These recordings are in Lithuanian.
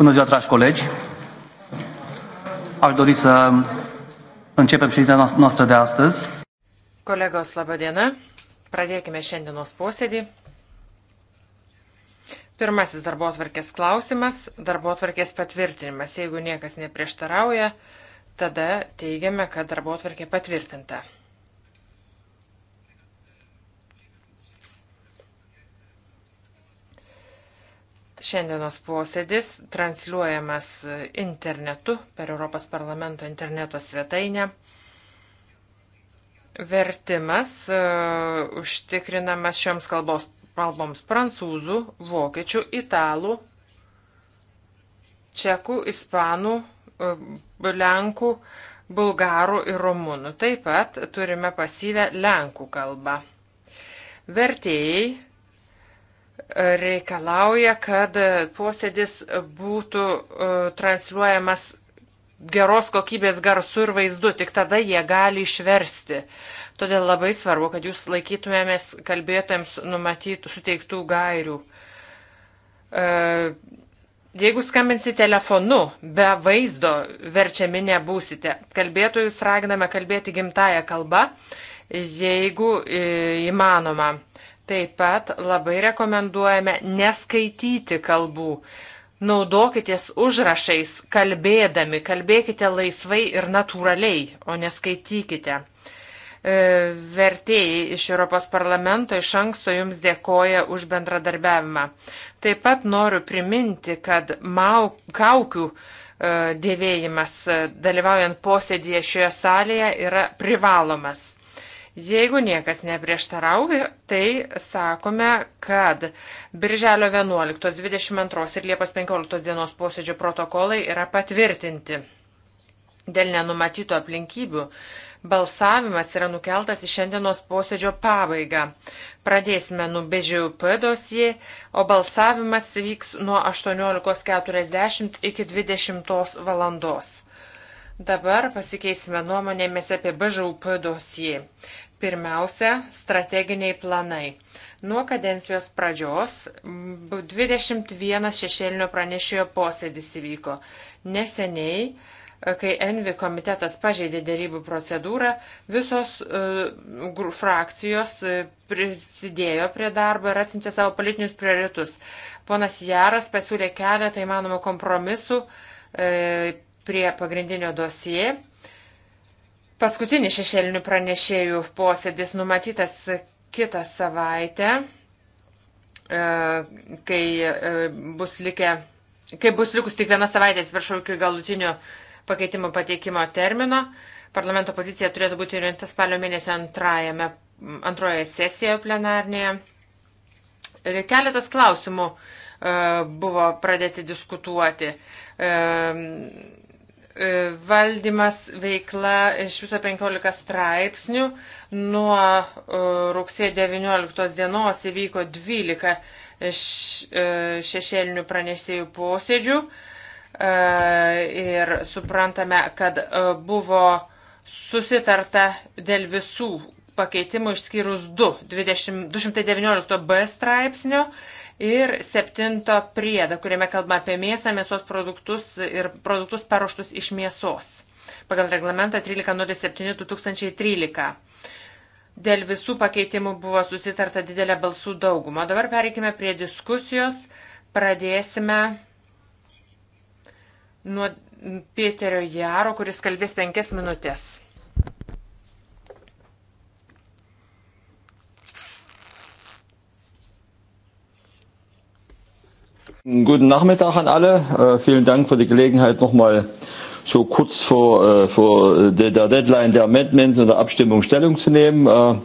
Bună ziua, dragi colegi! Aș dori să începem ședința noastră de astăzi. Kolegos, laba diena. Pradėkime šiandienos posėdį. Pirmasis darbo atvarkės klausimas - darbo atvarkės patvirtinimas. Jeigu niekas neprieštarauja, tada teigiame, kad darbo atvarkė patvirtinta. Šiandienos posėdis transliuojamas internetu per Europos parlamento interneto svetainę. Vertimas uh, užtikrinamas šioms kalbos, kalboms prancūzų, vokiečių, italų, čekų, ispanų, uh, lenkų, bulgarų ir rumunų. Taip pat turime pasyvę lenkų kalbą. Vertėjai reikalauja, kad posėdis būtų e, transliuojamas geros kokybės garsu ir vaizdu, tik tada jie gali išversti. Todėl labai svarbu, kad jūs laikytumėmės kalbėtojams numatytų, suteiktų gairių. E, jeigu skambinsite telefonu, be vaizdo verčiami nebūsite. Kalbėtojus raginame kalbėti gimtają kalbą, jeigu e, įmanoma. Taip pat labai rekomenduojame neskaityti kalbų. Naudokitės užrašais, kalbėdami, kalbėkite laisvai ir natūraliai, o neskaitykite. E, vertėjai iš Europos parlamento iš anksto jums dėkoja už bendradarbiavimą. Taip pat noriu priminti, kad mau, kaukių e, dėvėjimas e, dalyvaujant posėdėje šioje salėje yra privalomas. Jeigu niekas neprieštarauja, tai sakome, kad Birželio 11, 22 ir Liepos 15 dienos posėdžio protokolai yra patvirtinti. Dėl nenumatytų aplinkybių balsavimas yra nukeltas į šiandienos posėdžio pabaigą. Pradėsime nuo BŽUP dosijai, o balsavimas vyks nuo 18.40 iki 20 valandos. Dabar pasikeisime nuomonėmis apie BŽUP dosiją. Pirmiausia, strateginiai planai. Nuo kadencijos pradžios 21 šešėlinio pranešėjo posėdis įvyko. Neseniai, e, kai Envi komitetas pažeidė dėrybų procedūrą, visos uh, frakcijos e, prisidėjo prie darbo ir atsimtė savo politinius prioritus. Ponas Jaras pasiūlė keletą tai įmanomų kompromisų. Uh, prie pagrindinio dosie. Paskutinis šešėlinių pranešėjų posėdis numatytas kitą savaitę, e, kai e, bus, likę, kai bus likus tik viena savaitė, atsiprašau, iki galutinio pakeitimo pateikimo termino. Parlamento pozicija turėtų būti įrinta spalio mėnesio antrajame, antroje sesijoje plenarnėje. Ir keletas klausimų e, buvo pradėti diskutuoti. E, valdymas veikla iš viso 15 straipsnių. Nuo e, rugsėjo 19 dienos įvyko 12 e, šešėlinių pranešėjų posėdžių ir suprantame, kad buvo susitarta dėl visų pakeitimų išskyrus 2, 20, 219b straipsnio ir septinto priedą, kuriame kalba apie mėsą, mėsos produktus ir produktus paruoštus iš mėsos. Pagal reglamentą 1307-2013. Dėl visų pakeitimų buvo susitarta didelė balsų dauguma. Dabar pereikime prie diskusijos. Pradėsime nuo Pėterio Jaro, kuris kalbės penkias minutės. Guten Nachmittag an alle. Äh, vielen Dank für die Gelegenheit, nochmal so kurz vor, äh, vor der, der Deadline der Amendments und der Abstimmung Stellung zu nehmen. Äh,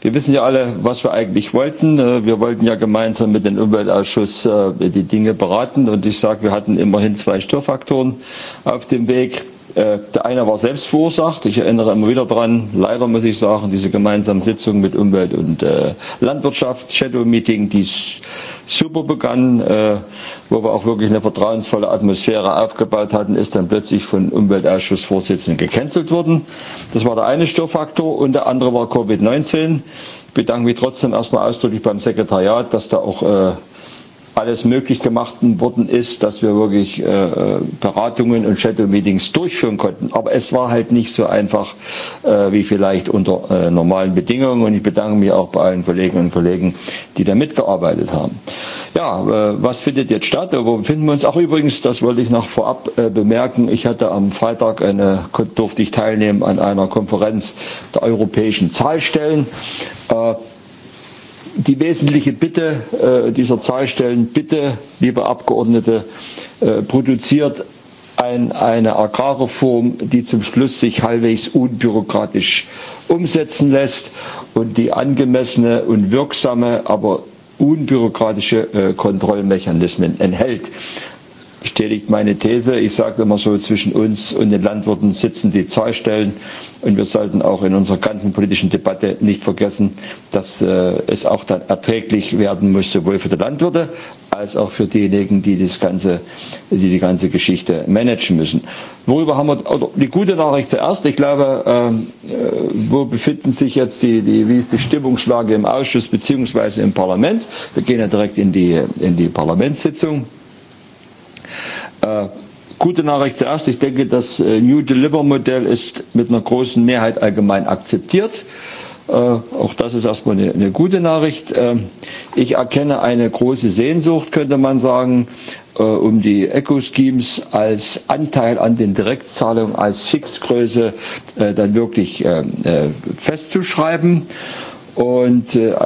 wir wissen ja alle, was wir eigentlich wollten. Äh, wir wollten ja gemeinsam mit dem Umweltausschuss äh, die Dinge beraten. Und ich sage, wir hatten immerhin zwei Störfaktoren auf dem Weg. Äh, der eine war selbst verursacht. Ich erinnere immer wieder dran, leider muss ich sagen, diese gemeinsamen Sitzungen mit Umwelt und äh, Landwirtschaft, Shadow Meeting, die super begann, äh, wo wir auch wirklich eine vertrauensvolle Atmosphäre aufgebaut hatten, ist dann plötzlich von Umweltausschussvorsitzenden gecancelt worden. Das war der eine Störfaktor und der andere war Covid-19. Ich bedanke mich trotzdem erstmal ausdrücklich beim Sekretariat, dass da auch äh, alles möglich gemacht worden ist, dass wir wirklich äh, äh, Beratungen und Shadow-Meetings durchführen konnten. Aber es war halt nicht so einfach äh, wie vielleicht unter äh, normalen Bedingungen. Und ich bedanke mich auch bei allen Kolleginnen und Kollegen, die da mitgearbeitet haben. Ja, äh, was findet jetzt statt? Wo befinden wir uns? Ach übrigens, das wollte ich noch vorab äh, bemerken. Ich hatte am Freitag eine, durfte ich teilnehmen an einer Konferenz der europäischen Zahlstellen. Äh, die wesentliche Bitte äh, dieser Zahlstellen, bitte, liebe Abgeordnete, äh, produziert ein, eine Agrarreform, die zum Schluss sich halbwegs unbürokratisch umsetzen lässt und die angemessene und wirksame, aber unbürokratische äh, Kontrollmechanismen enthält bestätigt meine These. Ich sage immer so, zwischen uns und den Landwirten sitzen die Zahlstellen. Und wir sollten auch in unserer ganzen politischen Debatte nicht vergessen, dass äh, es auch dann erträglich werden muss, sowohl für die Landwirte als auch für diejenigen, die, das ganze, die die ganze Geschichte managen müssen. Worüber haben wir, oder die gute Nachricht zuerst, ich glaube, ähm, äh, wo befinden sich jetzt die, die, wie ist die Stimmungslage im Ausschuss beziehungsweise im Parlament? Wir gehen ja direkt in die, in die Parlamentssitzung. Äh, gute Nachricht zuerst. Ich denke, das äh, New Deliver Modell ist mit einer großen Mehrheit allgemein akzeptiert. Äh, auch das ist erstmal eine, eine gute Nachricht. Ich erkenne eine große Sehnsucht, könnte man sagen, um die Eco-Schemes als Anteil an den Direktzahlungen als Fixgröße dann wirklich festzuschreiben und äh,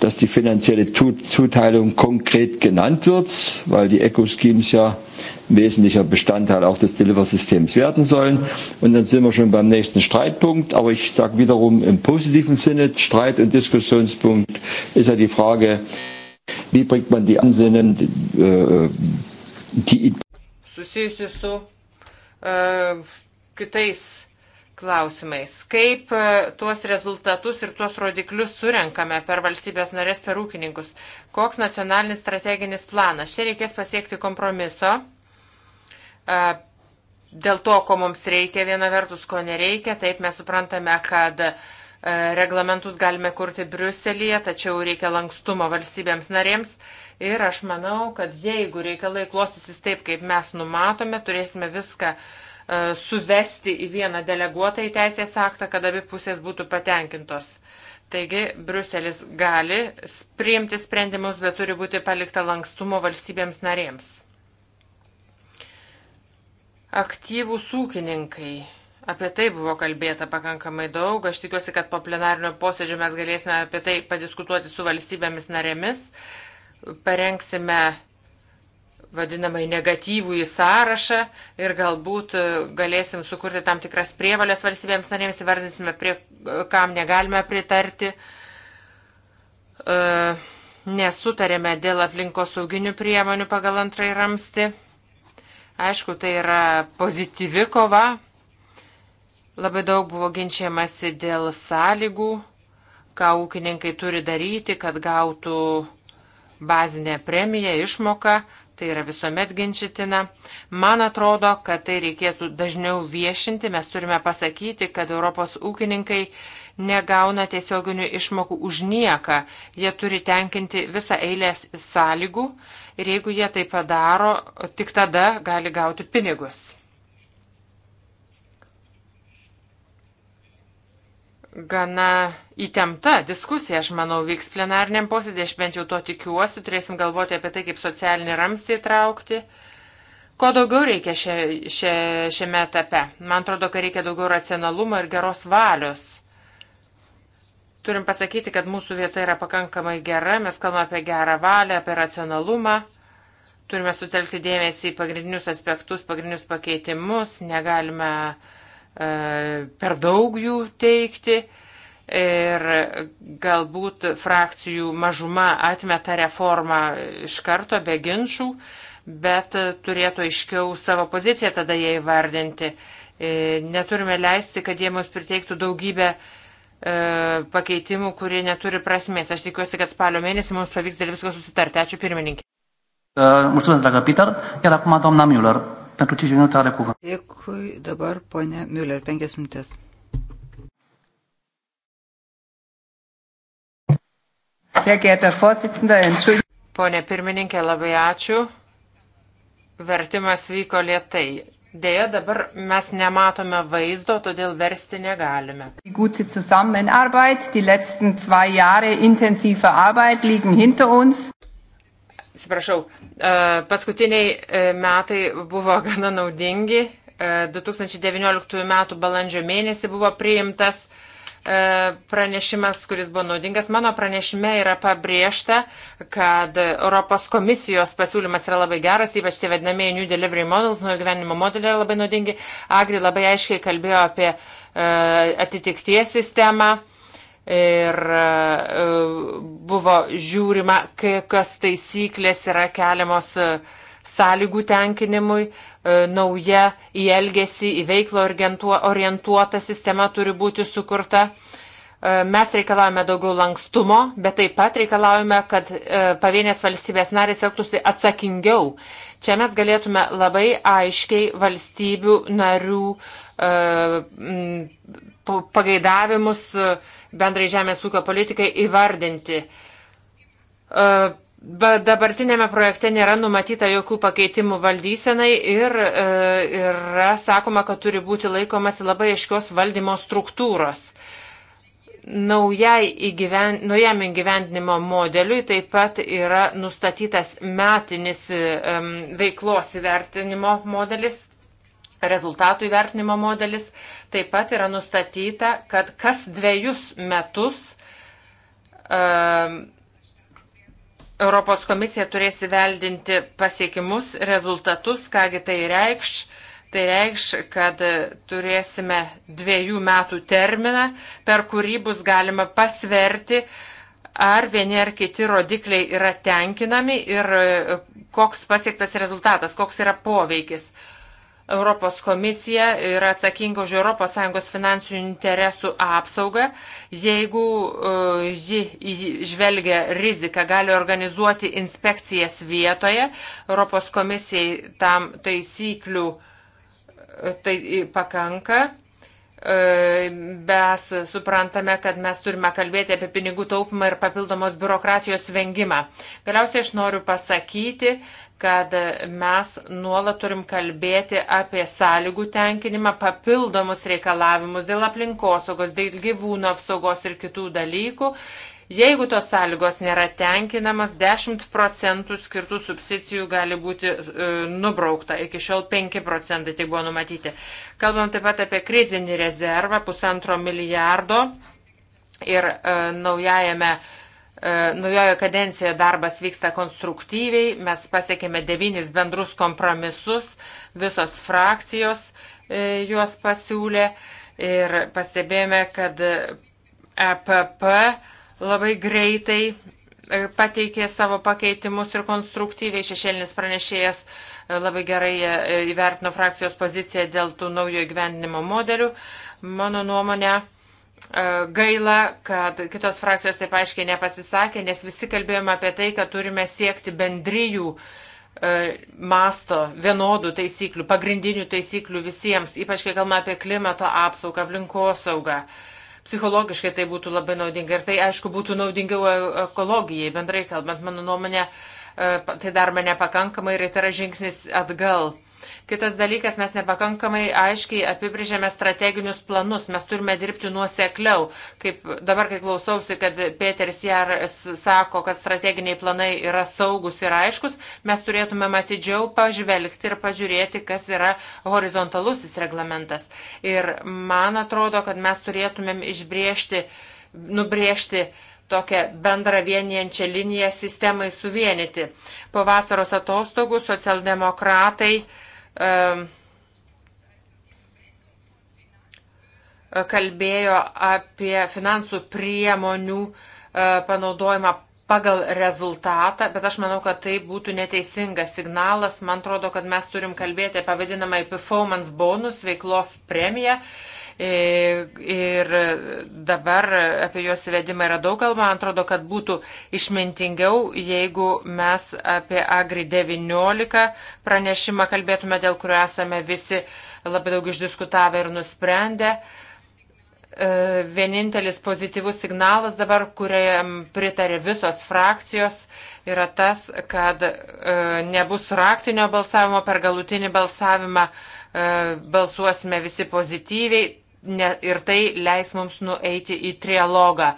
dass die finanzielle Zuteilung konkret genannt wird, weil die Eco-Schemes ja ein wesentlicher Bestandteil auch des Deliver-Systems werden sollen. Und dann sind wir schon beim nächsten Streitpunkt. Aber ich sage wiederum im positiven Sinne, Streit- und Diskussionspunkt ist ja die Frage, wie bringt man die Ansinnen, äh, die... Susijusi su äh, kitais klausimais. Kaip e, tuos rezultatus ir tuos rodiklius surenkame per valstybės narės, per ūkininkus? Koks nacionalinis strateginis planas? Čia reikės pasiekti kompromiso e, dėl to, ko mums reikia, viena vertus, ko nereikia. Taip mes suprantame, kad e, reglamentus galime kurti Briuselėje, tačiau reikia lankstumo valstybėms narėms. Ir aš manau, kad jeigu reikalai klostysis taip, kaip mes numatome, turėsime viską uh, E, suvesti į vieną deleguotą į teisės aktą, kad abi pusės būtų patenkintos. Taigi Bruselis gali priimti sprendimus, bet turi būti palikta lankstumo valstybėms narėms. Aktyvūs ūkininkai. Apie tai buvo kalbėta pakankamai daug. Aš tikiuosi, kad po plenarinio posėdžio mes galėsime apie tai padiskutuoti su valstybėmis narėmis. Parengsime vadinamai negatyvų į sąrašą ir galbūt e, galėsim sukurti tam tikras prievalės valstybėms narėms, įvardinsime, prie, e, kam negalime pritarti. E, nesutarėme dėl aplinkos sauginių priemonių pagal antrąjį ramsti. Aišku, tai yra pozityvi kova. Labai daug buvo ginčiamasi dėl sąlygų, ką ūkininkai turi daryti, kad gautų bazinę premiją, išmoką tai yra visuomet ginčitina. Man atrodo, kad tai reikėtų dažniau viešinti. Mes turime pasakyti, kad Europos ūkininkai negauna tiesioginių išmokų už nieką. Jie turi tenkinti visą eilę sąlygų ir jeigu jie tai padaro, tik tada gali gauti pinigus. gana įtempta diskusija, aš manau, vyks plenariniam posėdė, aš bent jau to tikiuosi, turėsim galvoti apie tai, kaip socialinį ramstį įtraukti. Ko daugiau reikia šia, šia, šiame etape? Man atrodo, kad reikia daugiau racionalumo ir geros valios. Turim pasakyti, kad mūsų vieta yra pakankamai gera, mes kalbame apie gerą valią, apie racionalumą. Turime sutelkti dėmesį į pagrindinius aspektus, pagrindinius pakeitimus, negalime uh, E, per daug jų teikti ir galbūt frakcijų mažuma atmeta reformą iš karto be ginčių, bet turėtų aiškiau savo poziciją tada jie įvardinti. E, neturime leisti, kad jie mums priteiktų daugybę e, pakeitimų, kurie neturi prasmės. Aš tikiuosi, kad spalio mėnesį mums pavyks dėl visko susitarti. Ačiū pirmininkė. Mulțumesc, dragă Peter. Iar acum, doamna Müller pentru 5 minute are cuvânt. Dėkui dabar ponė Müller, 5 minutės. Pone pirmininkė, labai ačiū. Vertimas vyko lietai. Deja, dabar mes nematome vaizdo, todėl versti negalime. Gute Zusammenarbeit, die letzten zwei Jahre intensive Arbeit liegen hinter uns atsiprašau, e, paskutiniai e, metai buvo gana naudingi. 2019 e, metų balandžio mėnesį buvo priimtas pranešimas, kuris buvo naudingas. Mano pranešime yra pabrėžta, kad Europos komisijos pasiūlymas yra labai geras, ypač tie vadinamieji New Delivery Models, nuo gyvenimo modeliai yra labai naudingi. Agri labai aiškiai kalbėjo apie atitikties sistemą ir e, buvo žiūrima, kokios taisyklės yra keliamos e, sąlygų tenkinimui, e, nauja į elgesį, į veiklą orientuota sistema turi būti sukurta. Mes reikalavome daugiau lankstumo, bet taip pat reikalavome, kad pavienės valstybės narės elgtųsi atsakingiau. Čia mes galėtume labai aiškiai valstybių narių pagaidavimus uh, bendrai žemės ūkio politikai įvardinti. E, Bet dabartinėme projekte nėra numatyta jokių pakeitimų valdysenai ir e, yra sakoma, kad turi būti laikomasi labai aiškios valdymo struktūros. Įgyven, naujam įgyvendinimo modeliui taip pat yra nustatytas metinis um, veiklos įvertinimo modelis, rezultatų įvertinimo modelis. Taip pat yra nustatyta, kad kas dviejus metus uh, Europos komisija turės įveldinti pasiekimus, rezultatus, kągi tai reikš. Tai reikš, kad turėsime dviejų metų terminą, per kurį bus galima pasverti, ar vieni ar kiti rodikliai yra tenkinami ir e, koks pasiektas rezultatas, koks yra poveikis. Uh, Europos komisija yra atsakinga už ES finansinių interesų apsaugą. Jeigu uh, ji žvelgia riziką, gali organizuoti inspekcijas vietoje. Europos komisijai tam taisyklių uh, tai pakanka. E, mes suprantame, kad mes turime kalbėti apie pinigų taupimą ir papildomos biurokratijos vengimą. Galiausiai aš noriu pasakyti, kad mes nuolat turim kalbėti apie sąlygų tenkinimą, papildomus reikalavimus dėl aplinkosaugos, dėl gyvūnų apsaugos ir kitų dalykų. Jeigu tos sąlygos nėra tenkinamas, 10 procentų skirtų subsidijų gali būti e, nubraukta. Iki šiol 5 procentai tai buvo numatyti. Kalbam taip pat apie krizinį rezervą pusantro milijardo ir e, naujajame e, naujojo kadencijoje darbas vyksta konstruktyviai, mes pasiekėme devynis bendrus kompromisus, visos frakcijos e, juos pasiūlė ir pastebėjome, kad EPP e labai greitai e, pateikė savo pakeitimus ir konstruktyviai šešėlinis pranešėjas e, labai gerai e, įvertino frakcijos poziciją dėl tų naujo gyvendinimo modelių. Mano nuomonė, gaila, kad kitos frakcijos taip aiškiai nepasisakė, nes visi kalbėjome apie tai, kad turime siekti bendryjų masto vienodų taisyklių, pagrindinių taisyklių visiems, ypač kai kalbame apie klimato apsaugą, aplinkosaugą. saugą Psichologiškai tai būtų labai naudinga ir tai, aišku, būtų naudingiau e, ekologijai, bendrai kalbant, mano nuomonė, e, tai darome nepakankamai ir tai yra žingsnis atgal. Kitas dalykas, mes nepakankamai aiškiai apibrėžėme strateginius planus, mes turime dirbti nuosekliau. Kaip dabar, kai klausausi, kad Peteris Jaras sako, kad strateginiai planai yra saugus ir aiškus, mes turėtume atidžiau pažvelgti ir pažiūrėti, kas yra horizontalusis reglamentas. Ir man atrodo, kad mes turėtumėm išbriežti, nubriežti tokią bendrą vienijančią liniją sistemai suvienyti. Po vasaros atostogų socialdemokratai uh, kalbėjo apie finansų priemonių e, panaudojimą pagal rezultatą, bet aš manau, kad tai būtų neteisingas signalas. Man atrodo, kad mes turim kalbėti apie vadinamą performance bonus, veiklos premiją. Uh, E, ir dabar apie juos įvedimą yra daug kalba. Man atrodo, kad būtų išmintingiau, jeigu mes apie Agri 19 pranešimą kalbėtume, dėl kurio esame visi labai daug išdiskutavę ir nusprendę e, vienintelis pozityvus signalas dabar, kuriam pritarė visos frakcijos, yra tas, kad e, nebus raktinio balsavimo per galutinį balsavimą, balsuosime visi pozityviai ne, ir tai leis mums nueiti į trialogą.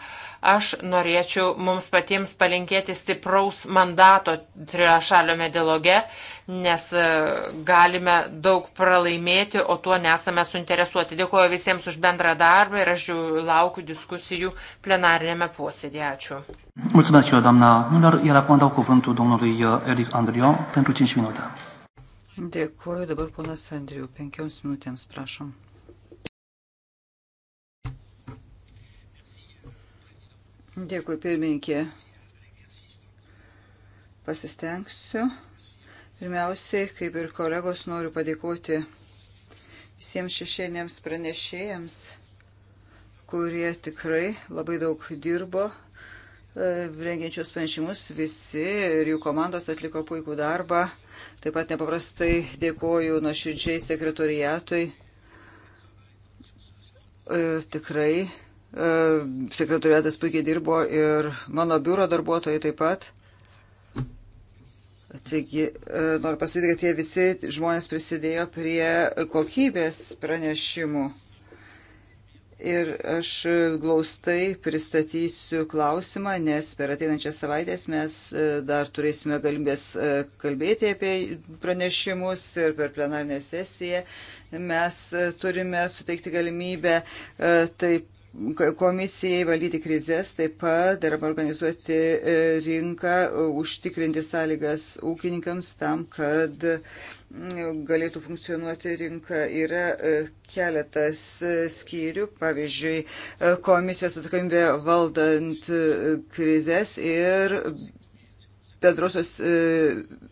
Aš norėčiau mums patiems palinkėti stipraus mandato triašaliame dialoge, nes e, galime daug pralaimėti, o tuo nesame suinteresuoti. Dėkuoju visiems už bendrą darbą ir aš jau laukiu diskusijų plenarinėme posėdėje. Ačiū. Mulțumesc și eu, doamna Müller, iar acum dau cuvântul domnului e, Eric Andriu pentru 5 minute. Dėkuoju dabar ponas Andriu, penkioms minutėms prašom. Dėkui, pirmininkė. Pasistengsiu. Pirmiausiai, kaip ir kolegos, noriu padėkoti visiems šešėniams pranešėjams, kurie tikrai labai daug dirbo e, rengiančius pranešimus visi ir jų komandos atliko puikų darbą. Taip pat nepaprastai dėkoju nuoširdžiai sekretoriatui. E, tikrai E, sekretoriatas puikiai dirbo ir mano biuro darbuotojai taip pat. Taigi, e, noriu pasakyti, kad jie visi žmonės prisidėjo prie kokybės pranešimų. Ir aš glaustai pristatysiu klausimą, nes per ateinančias savaitės mes e, dar turėsime galimybės kalbėti apie pranešimus ir per plenarinę sesiją mes turime suteikti galimybę taip komisijai valdyti krizės, taip pat darba organizuoti e, rinką, užtikrinti sąlygas ūkininkams tam, kad galėtų funkcionuoti rinka. Yra e, keletas e, skyrių, pavyzdžiui, komisijos atsakomybė valdant krizės ir bendrosios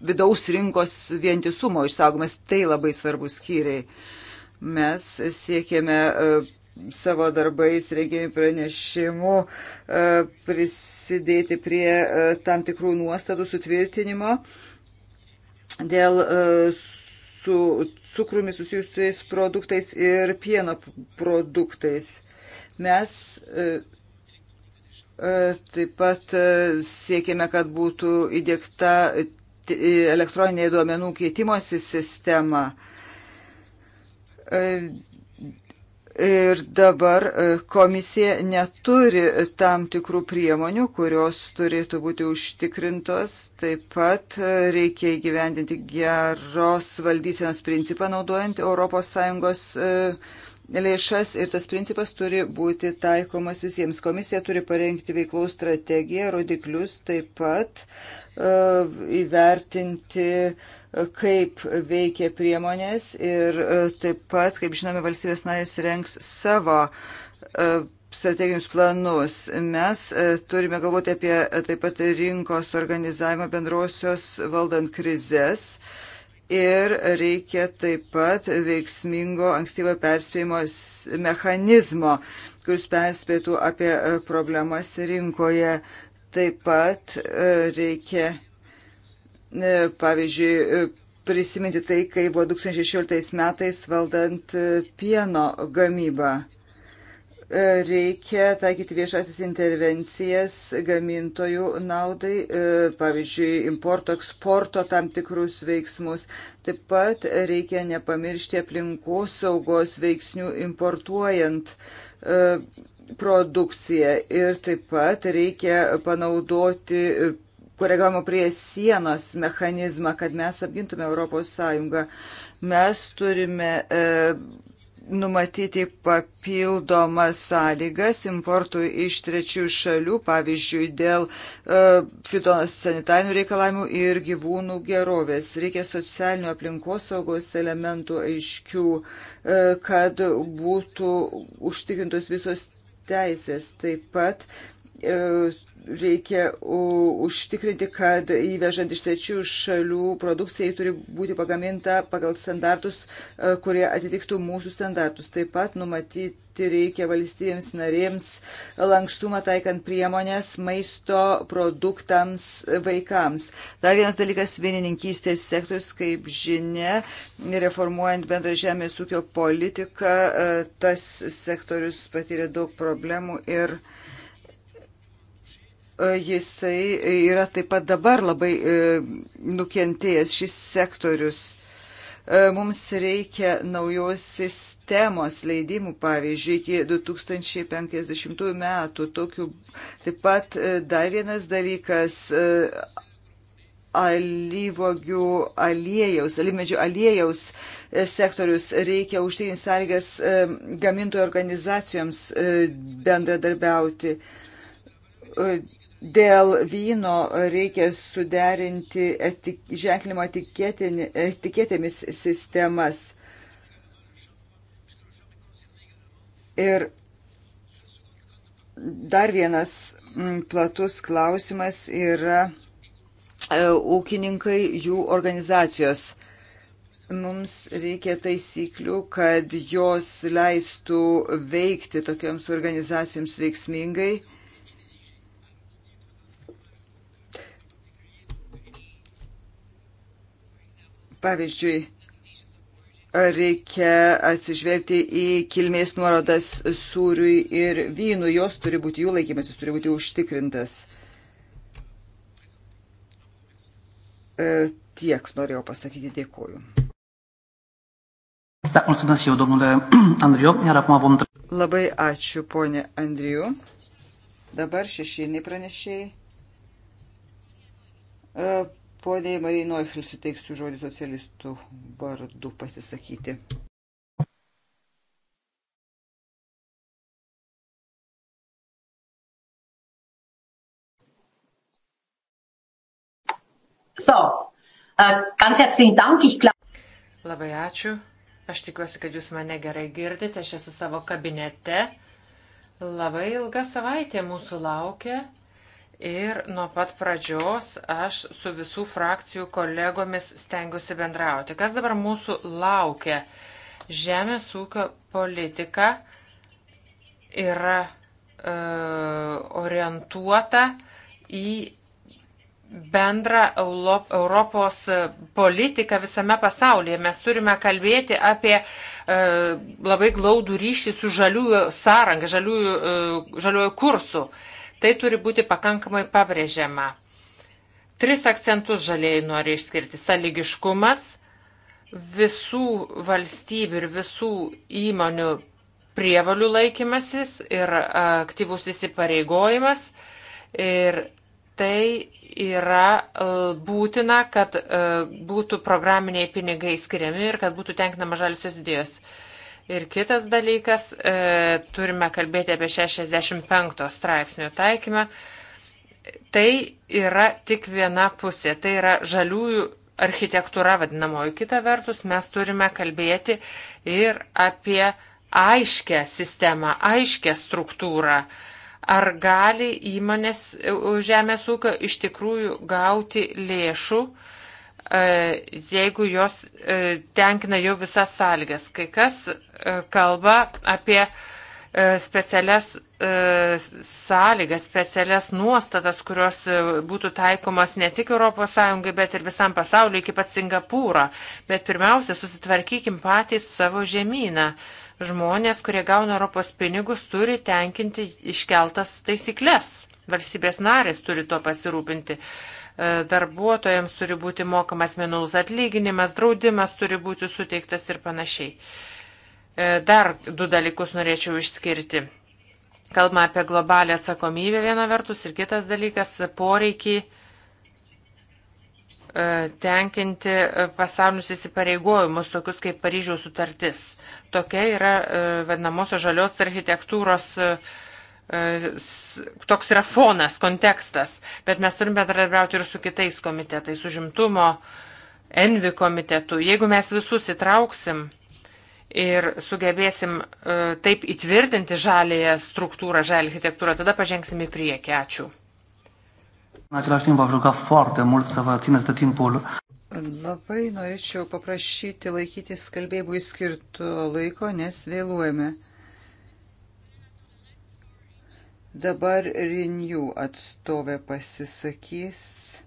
vidaus rinkos vientisumo išsaugomas. Tai labai svarbus skyriai. Mes siekėme savo darbais, rengiami pranešimu e, prisidėti prie e, tam tikrų nuostatų sutvirtinimo dėl e, su cukrumi susijusiais produktais ir pieno produktais. Mes taip pat siekėme, kad būtų įdėkta elektroninė duomenų keitimosi sistema Ir dabar e, komisija neturi tam tikrų priemonių, kurios turėtų būti užtikrintos. Taip pat e, reikia įgyvendinti geros valdysenos principą naudojant ES e, lėšas ir tas principas turi būti taikomas visiems. Komisija turi parengti veiklaus strategiją, rodiklius, taip pat uh, įvertinti uh, kaip veikia priemonės ir e, taip pat, kaip žinome, valstybės narės renks savo e, strateginius planus. Mes e, turime galvoti apie taip pat rinkos organizavimą bendrosios valdant krizės ir reikia taip pat veiksmingo ankstyvo perspėjimo mechanizmo, kuris perspėtų apie problemas rinkoje. Taip pat reikia E, pavyzdžiui, e, prisiminti tai, kai buvo 2016 metais valdant e, pieno gamybą. Reikia taikyti viešasis intervencijas gamintojų naudai, pavyzdžiui, importo, eksporto tam tikrus veiksmus. Taip pat reikia nepamiršti aplinkos saugos veiksnių importuojant produkciją ir taip pat reikia panaudoti koregavimo prie sienos mechanizmą, kad mes apgintume Europos Sąjungą. Mes turime e, numatyti papildomas sąlygas importui iš trečių šalių, pavyzdžiui, dėl e, fitosanitarinių reikalavimų ir gyvūnų gerovės. Reikia socialinių aplinkosaugos elementų aiškių, e, kad būtų užtikrintos visos teisės. Taip pat e, reikia užtikrinti, kad įvežant iš trečių šalių produkcijai turi būti pagaminta pagal standartus, e, kurie atitiktų mūsų standartus. Taip pat numatyti reikia valstybėms narėms lankstumą taikant priemonės maisto produktams vaikams. Dar vienas dalykas - vienininkystės sektorius, kaip žinia, reformuojant bendrą žemės ūkio politiką, e, tas sektorius patyrė daug problemų ir uh, E, jisai yra taip pat dabar labai e, nukentėjęs šis sektorius. E, mums reikia naujos sistemos leidimų, pavyzdžiui, iki 2050 metų. Tokiu, taip pat dar vienas dalykas alyvogių aliejaus, alimedžių aliejaus sektorius reikia užtikrinti sąlygas gamintojų organizacijoms bendradarbiauti. Dėl vyno reikia suderinti etik, ženklimo etiketėmis sistemas. Ir dar vienas mm, platus klausimas yra e, ūkininkai, jų organizacijos. Mums reikia taisyklių, kad jos leistų veikti tokioms organizacijoms veiksmingai Pavyzdžiui, reikia atsižvelgti į kilmės nuorodas sūriui ir vynui, jos turi būti, jų laikymasis turi būti užtikrintas. E, tiek norėjau pasakyti, dėkoju. Labai ačiū, ponė Andriju. Dabar šešiniai pranešėjai. E, Poniai Marijai Noifil suteiksiu žodį socialistų vardu pasisakyti. So, uh, ganz herzlichen Dank. Ich glaube. Labai ačiū. Aš tikiuosi, kad jūs mane gerai girdite. Aš esu savo kabinete. Labai ilga savaitė mūsų laukia. Ir nuo pat pradžios aš su visų frakcijų kolegomis stengiuosi bendrauti. Kas dabar mūsų laukia? Žemės ūkio politika yra e, orientuota į bendrą Europos politiką visame pasaulyje. Mes turime kalbėti apie e, labai glaudų ryšį su žaliųjų sąranga, žaliųjų, e, žaliųjų kursų. E, Tai turi būti pakankamai pabrėžiama. Tris akcentus žalieji nori išskirti - saligiškumas, visų valstybių ir visų įmonių prievalių laikymasis ir aktyvus įsipareigojimas. Ir tai yra e, būtina, kad e, būtų programiniai pinigai skiriami ir kad būtų tenkinama žalisios idėjos. Ir kitas dalykas, e, turime kalbėti apie 65 straipsnių taikymą. Tai yra tik viena pusė, tai yra žaliųjų architektūra vadinamoji. Kita vertus, mes turime kalbėti ir apie aiškę sistemą, aiškę struktūrą. Ar gali įmonės e, žemės ūkio iš tikrųjų gauti lėšų, uh, E, jeigu jos e, tenkina jau visas sąlygas. Kai kas e, kalba apie specialias sąlygas, specialias nuostatas, kurios būtų taikomas ne tik ES, bet ir visam pasauliu iki pat Singapūro. Bet pirmiausia, susitvarkykim patys savo žemyną. Žmonės, kurie gauna Europos pinigus, turi tenkinti iškeltas taisyklės. Valstybės narės turi tuo pasirūpinti. Uh, E, darbuotojams turi būti mokamas minulus atlyginimas, draudimas turi būti suteiktas ir panašiai. E, dar du dalykus norėčiau išskirti. Kalbame apie globalę atsakomybę viena vertus ir kitas dalykas - poreikį e, tenkinti pasaulinius įsipareigojimus, tokius kaip Paryžiaus sutartis. Tokia yra vadinamosios žalios architektūros uh, E, toks yra fonas, kontekstas, bet mes turime bendradarbiauti ir su kitais komitetais, užimtumo, envi komitetu. Jeigu mes visus įtrauksim ir sugebėsim e, taip įtvirtinti žalėje struktūrą, žalį architektūrą, tada pažengsim į priekį. Ačiū. În același timp, v-aș ruga foarte mult să vă țineți de timpul. Labai norėčiau paprašyti laikytis kalbėjimui skirto laiko, nes vėluojame. Dabar Renew atstovė pasisakys.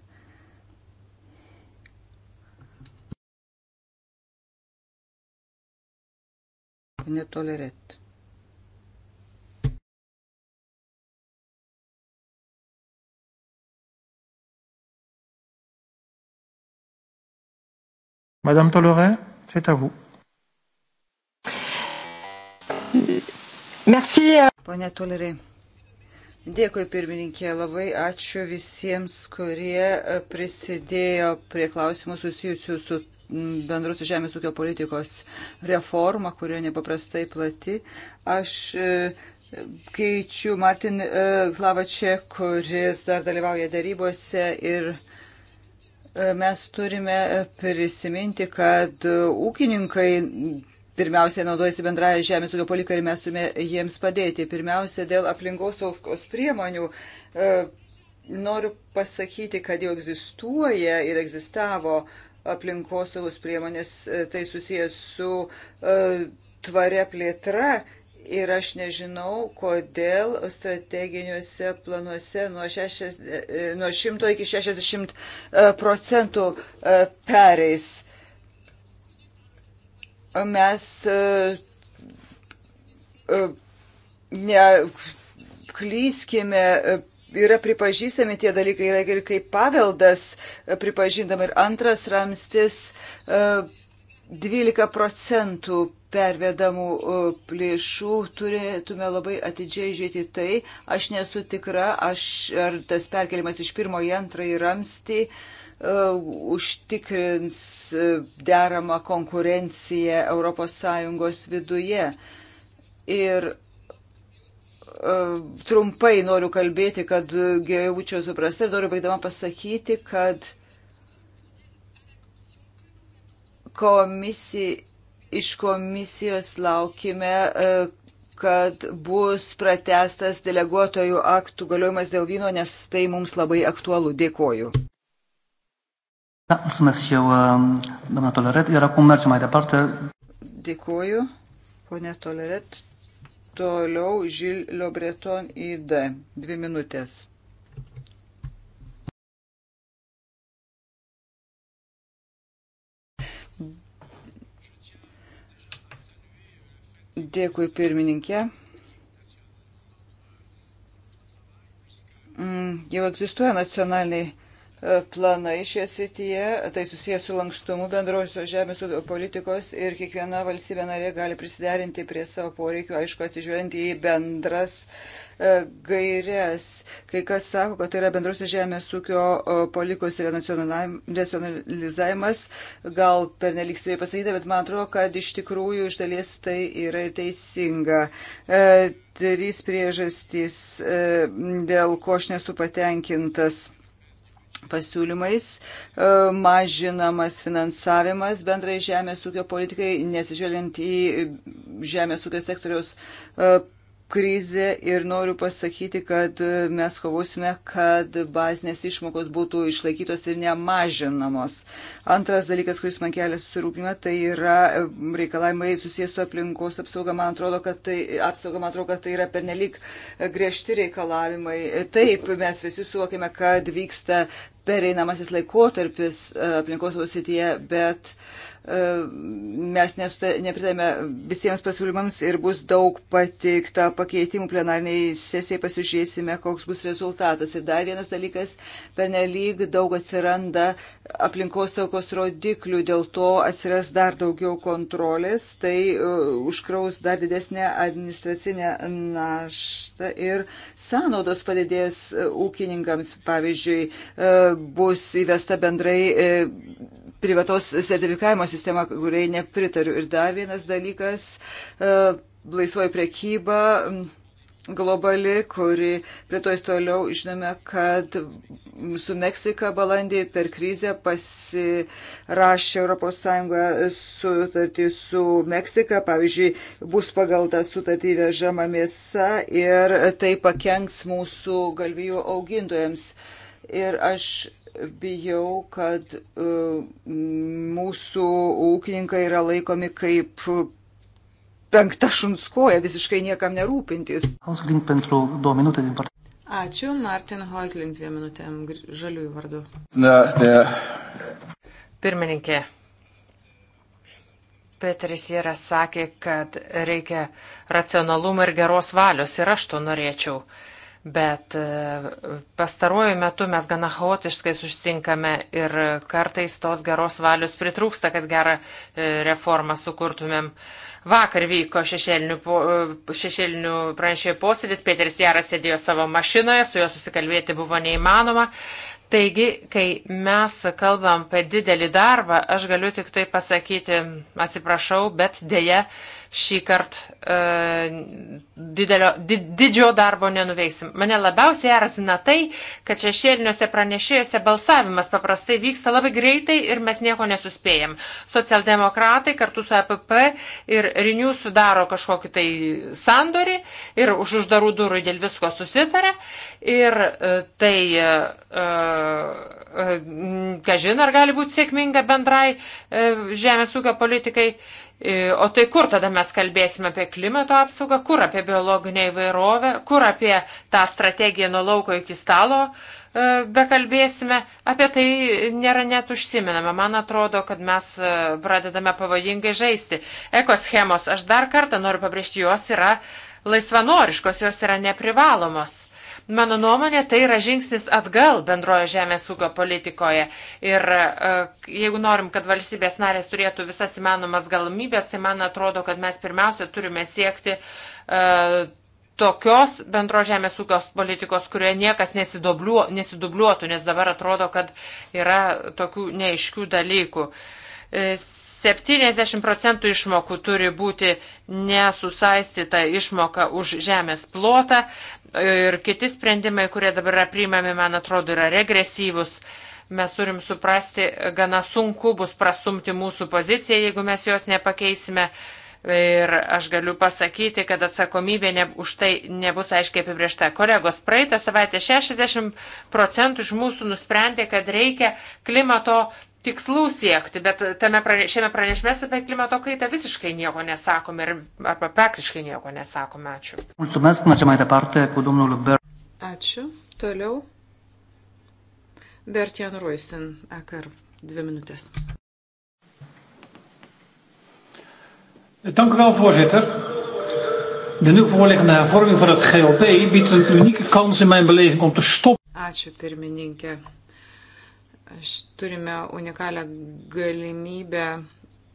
Netolerėt. Madame Toleret, c'est à vous. Merci. Euh. Pone Toleret. Dėkui pirmininkė, labai ačiū visiems, kurie prisidėjo prie klausimų susijusių su bendros žemės ūkio politikos reforma, kurio nepaprastai plati. Aš e, keičiu Martin e, Klavačė, kuris dar dalyvauja darybose ir e, mes turime prisiminti, kad ūkininkai pirmiausia naudojasi bendraja žemės ūkio politika ir mes turime jiems padėti. Pirmiausia, dėl aplinkos saugos priemonių. E, noriu pasakyti, kad jau egzistuoja ir egzistavo aplinkos saugos priemonės, e, tai susijęs su e, tvaria plėtra ir aš nežinau, kodėl strateginiuose planuose nuo, šešias, nuo 100 iki 60 procentų pereis mes e, e, neklyskime e, yra pripažįstami tie dalykai, yra ir kaip paveldas pripažindama. Ir antras ramstis 12 procentų pervedamų plėšų turėtume labai atidžiai žiūrėti tai. Aš nesu tikra, aš, ar tas perkelimas iš pirmo į antrąjį ramstį. Uh, E, užtikrins e, deramą konkurenciją ES viduje. Ir e, trumpai noriu kalbėti, kad geriau būčiau suprasta ir noriu baigdama pasakyti, kad komisija, iš komisijos laukime, kad bus pratestas deleguotojų aktų galiojimas dėl vyno, nes tai mums labai aktualu. Dėkoju. Da, mulțumesc și eu, um, doamna Toleret, iar acum mergem mai departe. Dėkuoju, ponė Toleret. Toliau Žil Lobreton ID. Dvi minutės. Dėkui pirmininkė. Mm, jau egzistuoja nacionaliniai planai šioje srityje, tai susijęs su lankstumu bendrosios žemės ūkio politikos ir kiekviena valstybė narė gali prisiderinti prie savo poreikių, aišku, atsižvelgiant į bendras e, gairias. Kai kas sako, kad tai yra bendrosios žemės ūkio e, polikos ir nacionalizavimas, gal per nelik stipriai pasakyta, bet man atrodo, kad iš tikrųjų iš dalies tai yra ir teisinga. E, trys priežastys, dėl ko aš nesu patenkintas pasiūlymais e, mažinamas finansavimas bendrai žemės ūkio politikai, nesižvelgiant į žemės ūkio sektoriaus e, krizę ir noriu pasakyti, kad e, mes kovosime, kad bazinės išmokos būtų išlaikytos ir nemažinamos. Antras dalykas, kuris man kelia susirūpinimą, tai yra e, reikalavimai susijęs su aplinkos apsauga. Man atrodo, kad tai, apsauga, man atrodo, kad tai yra pernelik e, griežti reikalavimai. Taip, mes visi suvokime, kad vyksta pereinamasis laikotarpis aplinkos srityje, bet uh, E, mes nepritame visiems pasiūlymams ir bus daug pateikta pakeitimų plenarniai sesijai, pasižiūrėsime, koks bus rezultatas. Ir dar vienas dalykas, pernelyg daug atsiranda aplinkos saugos rodiklių, dėl to atsiras dar daugiau kontrolės, tai e, užkraus dar didesnę administracinę naštą ir sąnaudos padidės e, ūkininkams, pavyzdžiui, bus įvesta bendrai privatos sertifikavimo sistema, kuriai nepritariu. Ir dar vienas dalykas e, - laisvoji prekyba globali, kuri prie to toliau žinome, kad su Meksika balandį per krizę pasirašė ES sutartį su Meksika. Pavyzdžiui, bus pagal tą sutartį vežama mėsa ir tai pakenks mūsų galvijų augintojams. Ir aš bijau, kad e, mūsų ūkininkai yra laikomi kaip penkta šunskoja, visiškai niekam nerūpintis. Ačiū, Martin Hoisling, dviem minutėm žaliųjų vardu. Ne, ne. Pirmininkė, Peteris yra sakė, kad reikia racionalumo ir geros valios ir aš to norėčiau. Uh, Bet e, pastaruoju metu mes gana chaotiškai susitinkame ir kartais tos geros valios pritrūksta, kad gerą e, reformą sukurtumėm. Vakar vyko šešėlinių, e, šešėlinių pranešėjų posėdis, Peteris Jaras sėdėjo savo mašinoje, su juo susikalbėti buvo neįmanoma. Taigi, kai mes kalbam apie didelį darbą, aš galiu tik tai pasakyti, atsiprašau, bet dėja šį kartą e, didelio, di, didžio darbo nenuveiksim. Mane labiausiai erzina tai, kad šešėliniuose pranešėjuose balsavimas paprastai vyksta labai greitai ir mes nieko nesuspėjam. Socialdemokratai kartu su APP ir Rinių sudaro kažkokį tai sandorį ir už uždarų durų dėl visko susitarė Ir e, tai, e, e, ką žin, ar gali būti sėkminga bendrai žemės ūkio politikai. O tai kur tada mes kalbėsime apie klimato apsaugą, kur apie biologinę įvairovę, kur apie tą strategiją nuo lauko iki stalo bekalbėsime, apie tai nėra net užsiminama. Man atrodo, kad mes pradedame pavojingai žaisti. Ekoschemos, aš dar kartą noriu pabrėžti, jos yra laisvanoriškos, jos yra neprivalomos. Mano nuomonė, tai yra žingsnis atgal bendrojo žemės ūkio politikoje. Ir e, jeigu norim, kad valstybės narės turėtų visas įmanomas galimybės, tai man atrodo, kad mes pirmiausia turime siekti e, tokios bendro žemės ūkio politikos, kurioje niekas nesidubliuotų, nes dabar atrodo, kad yra tokių neaiškių dalykų. 70 e, procentų išmokų turi būti nesusaistyta išmoka už žemės plotą, ir kiti sprendimai, kurie dabar yra priimami, man atrodo, yra regresyvus. Mes turim suprasti, gana sunku bus prastumti mūsų poziciją, jeigu mes jos nepakeisime. Ir aš galiu pasakyti, kad atsakomybė ne, už tai nebus aiškiai apibriešta. Kolegos, praeitą savaitę 60 procentų iš mūsų nusprendė, kad reikia klimato tikslų siekti, bet tame prane, šiame pranešime apie klimato kaitą visiškai nieko nesakome ir, arba praktiškai nieko nesakome. Ačiū. Mulțumesc, mergem mai departe cu domnul Ber. Ačiū. Toliau. Bertian Roisin, akar, dvi minutės. Dank u wel, voorzitter. De nu voorliggende hervorming van het GLP biedt een unieke kans in mijn beleving om te stoppen. Ačiū, pirmininkė turime unikalią galimybę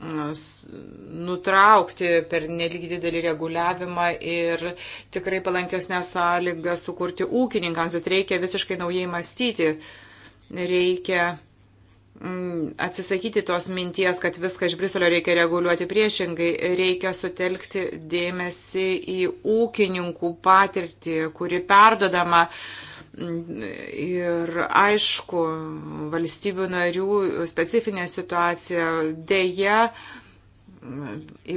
mm, nutraukti per nelik didelį reguliavimą ir tikrai palankesnę sąlygą sukurti ūkininkams, bet reikia visiškai naujai mąstyti. Reikia mm, atsisakyti tos minties, kad viską iš Briselio reikia reguliuoti priešingai, reikia sutelkti dėmesį į ūkininkų patirtį, kuri perdodama uh, Ir aišku, valstybių narių specifinė situacija dėja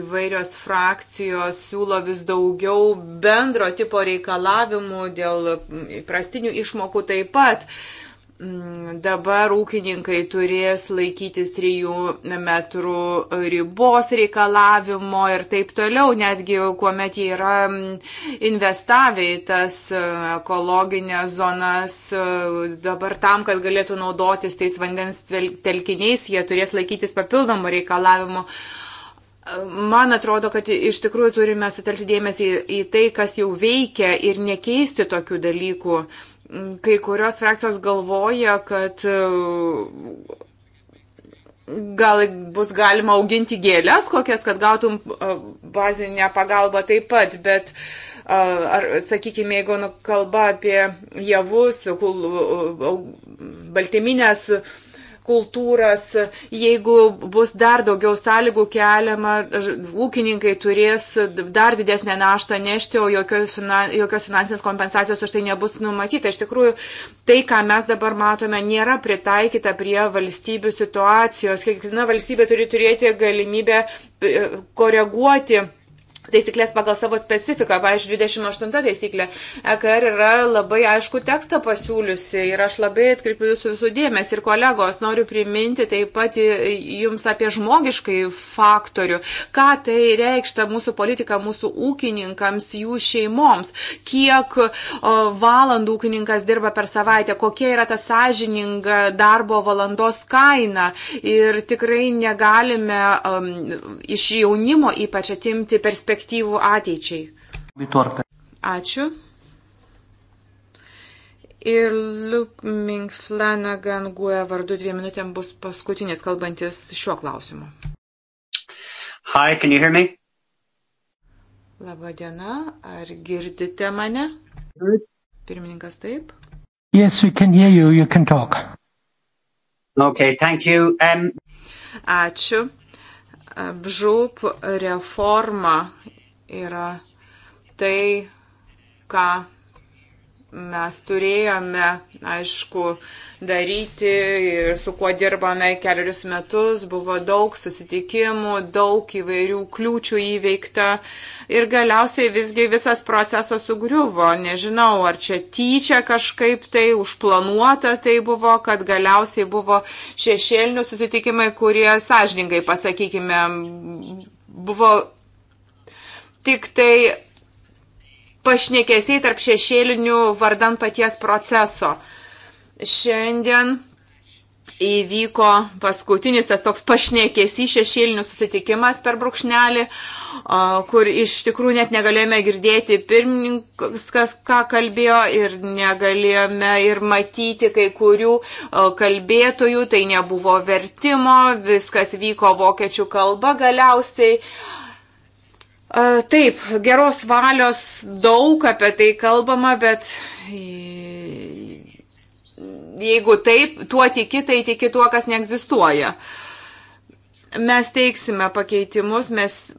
įvairios frakcijos siūlo vis daugiau bendro tipo reikalavimų dėl įprastinių išmokų taip pat. Uh, Mm, dabar ūkininkai turės laikytis 3 metrų ribos reikalavimo ir taip toliau, netgi kuomet jie yra mm, investavę į tas e, ekologinės zonas, e, dabar tam, kad galėtų naudotis tais vandens telkiniais, jie turės laikytis papildomų reikalavimų. Man atrodo, kad iš tikrųjų turime sutelkti dėmesį į tai, kas jau veikia ir nekeisti tokių dalykų. Uh, kai kurios frakcijos galvoja, kad e, gal bus galima auginti gėlės kokias, kad gautum e, bazinę pagalbą taip pat, bet e, ar, sakykime, jeigu kalba apie javus, baltyminės kultūras, jeigu bus dar daugiau sąlygų keliama, ūkininkai turės dar didesnę naštą nešti, o jokios finansinės kompensacijos už tai nebus numatyta. Iš tikrųjų, tai, ką mes dabar matome, nėra pritaikyta prie valstybių situacijos. Kiekviena valstybė turi turėti galimybę e, koreguoti taisyklės pagal savo specifiką. Pavyzdžiui, 28 taisyklė EKR yra labai aišku tekstą pasiūliusi ir aš labai atkreipiu jūsų visų dėmesį ir kolegos noriu priminti taip pat jums apie žmogiškai faktorių, ką tai reikšta mūsų politika, mūsų ūkininkams, jų šeimoms, kiek valandų ūkininkas dirba per savaitę, kokia yra ta sąžininga darbo valandos kaina ir tikrai negalime um, iš jaunimo ypač atimti perspektyvą perspektyvų ateičiai. Ačiū. Ir Luke Ming Flanagan Guė vardu dviem minutėm bus paskutinis kalbantis šiuo klausimu. Hi, can you hear me? Labadiena, ar girdite mane? Pirmininkas taip. Yes, we can hear you, you can talk. Okay, thank you. Um... Ačiū. Bžūp reforma yra tai, ką mes turėjome, aišku, daryti ir su kuo dirbame keliarius metus, buvo daug susitikimų, daug įvairių kliūčių įveikta ir galiausiai visgi visas procesas sugriuvo. Nežinau, ar čia tyčia kažkaip tai užplanuota tai buvo, kad galiausiai buvo šešėlinių susitikimai, kurie sąžininkai, pasakykime, buvo tik tai pašnekesiai tarp šešėlinių vardan paties proceso. Šiandien įvyko paskutinis tas toks pašnekėsi šešėlinių susitikimas per brūkšnelį, kur iš tikrųjų net negalėjome girdėti pirmininkas, kas ką kalbėjo ir negalėjome ir matyti kai kurių kalbėtojų, tai nebuvo vertimo, viskas vyko vokiečių kalba galiausiai. Uh, Taip, geros valios daug apie tai kalbama, bet jeigu taip, tuo tiki, tai tiki tuo, kas neegzistuoja. Uh, Mes teiksime pakeitimus, mes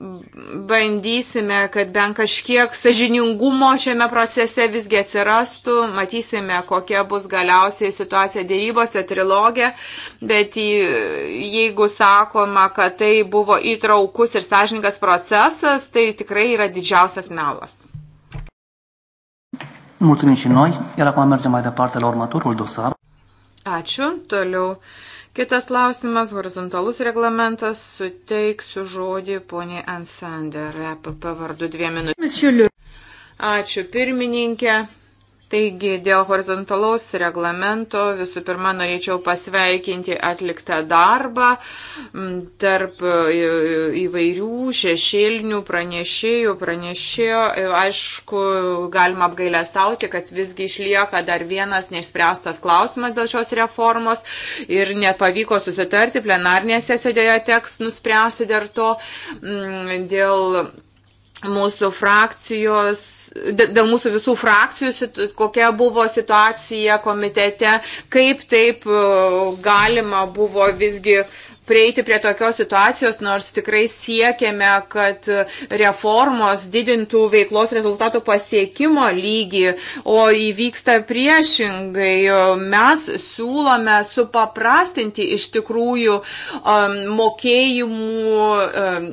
bandysime, kad bent kažkiek sažiningumo šiame procese visgi atsirastų, matysime, kokia bus galiausiai situacija dėrybose, trilogė, bet jeigu sakoma, kad tai buvo įtraukus ir sažininkas procesas, tai tikrai yra didžiausias melas. Mulțumim și noi, iar acum mergem mai departe la următorul dosar. Ačiū, toliau. Kitas klausimas, horizontalus reglamentas, suteiksiu žodį poniai Ansander, EPP vardu dviem minutėm. Ačiū pirmininkė. Taigi, dėl horizontalaus reglamento visų pirma norėčiau pasveikinti atliktą darbą tarp e, įvairių šešėlinių pranešėjų, pranešėjo. E, aišku, galima apgailę stauti, kad visgi išlieka dar vienas neišspręstas klausimas dėl šios reformos ir nepavyko susitarti, plenarnėje sesijoje teks nuspręsti dar to dėl mūsų frakcijos dėl mūsų visų frakcijų, kokia buvo situacija komitete, kaip taip e, galima buvo visgi uh, prieiti prie tokios situacijos, nors tikrai siekiame, kad reformos didintų veiklos rezultatų pasiekimo lygį, o įvyksta priešingai. Mes siūlome supaprastinti iš tikrųjų um, mokėjimų um,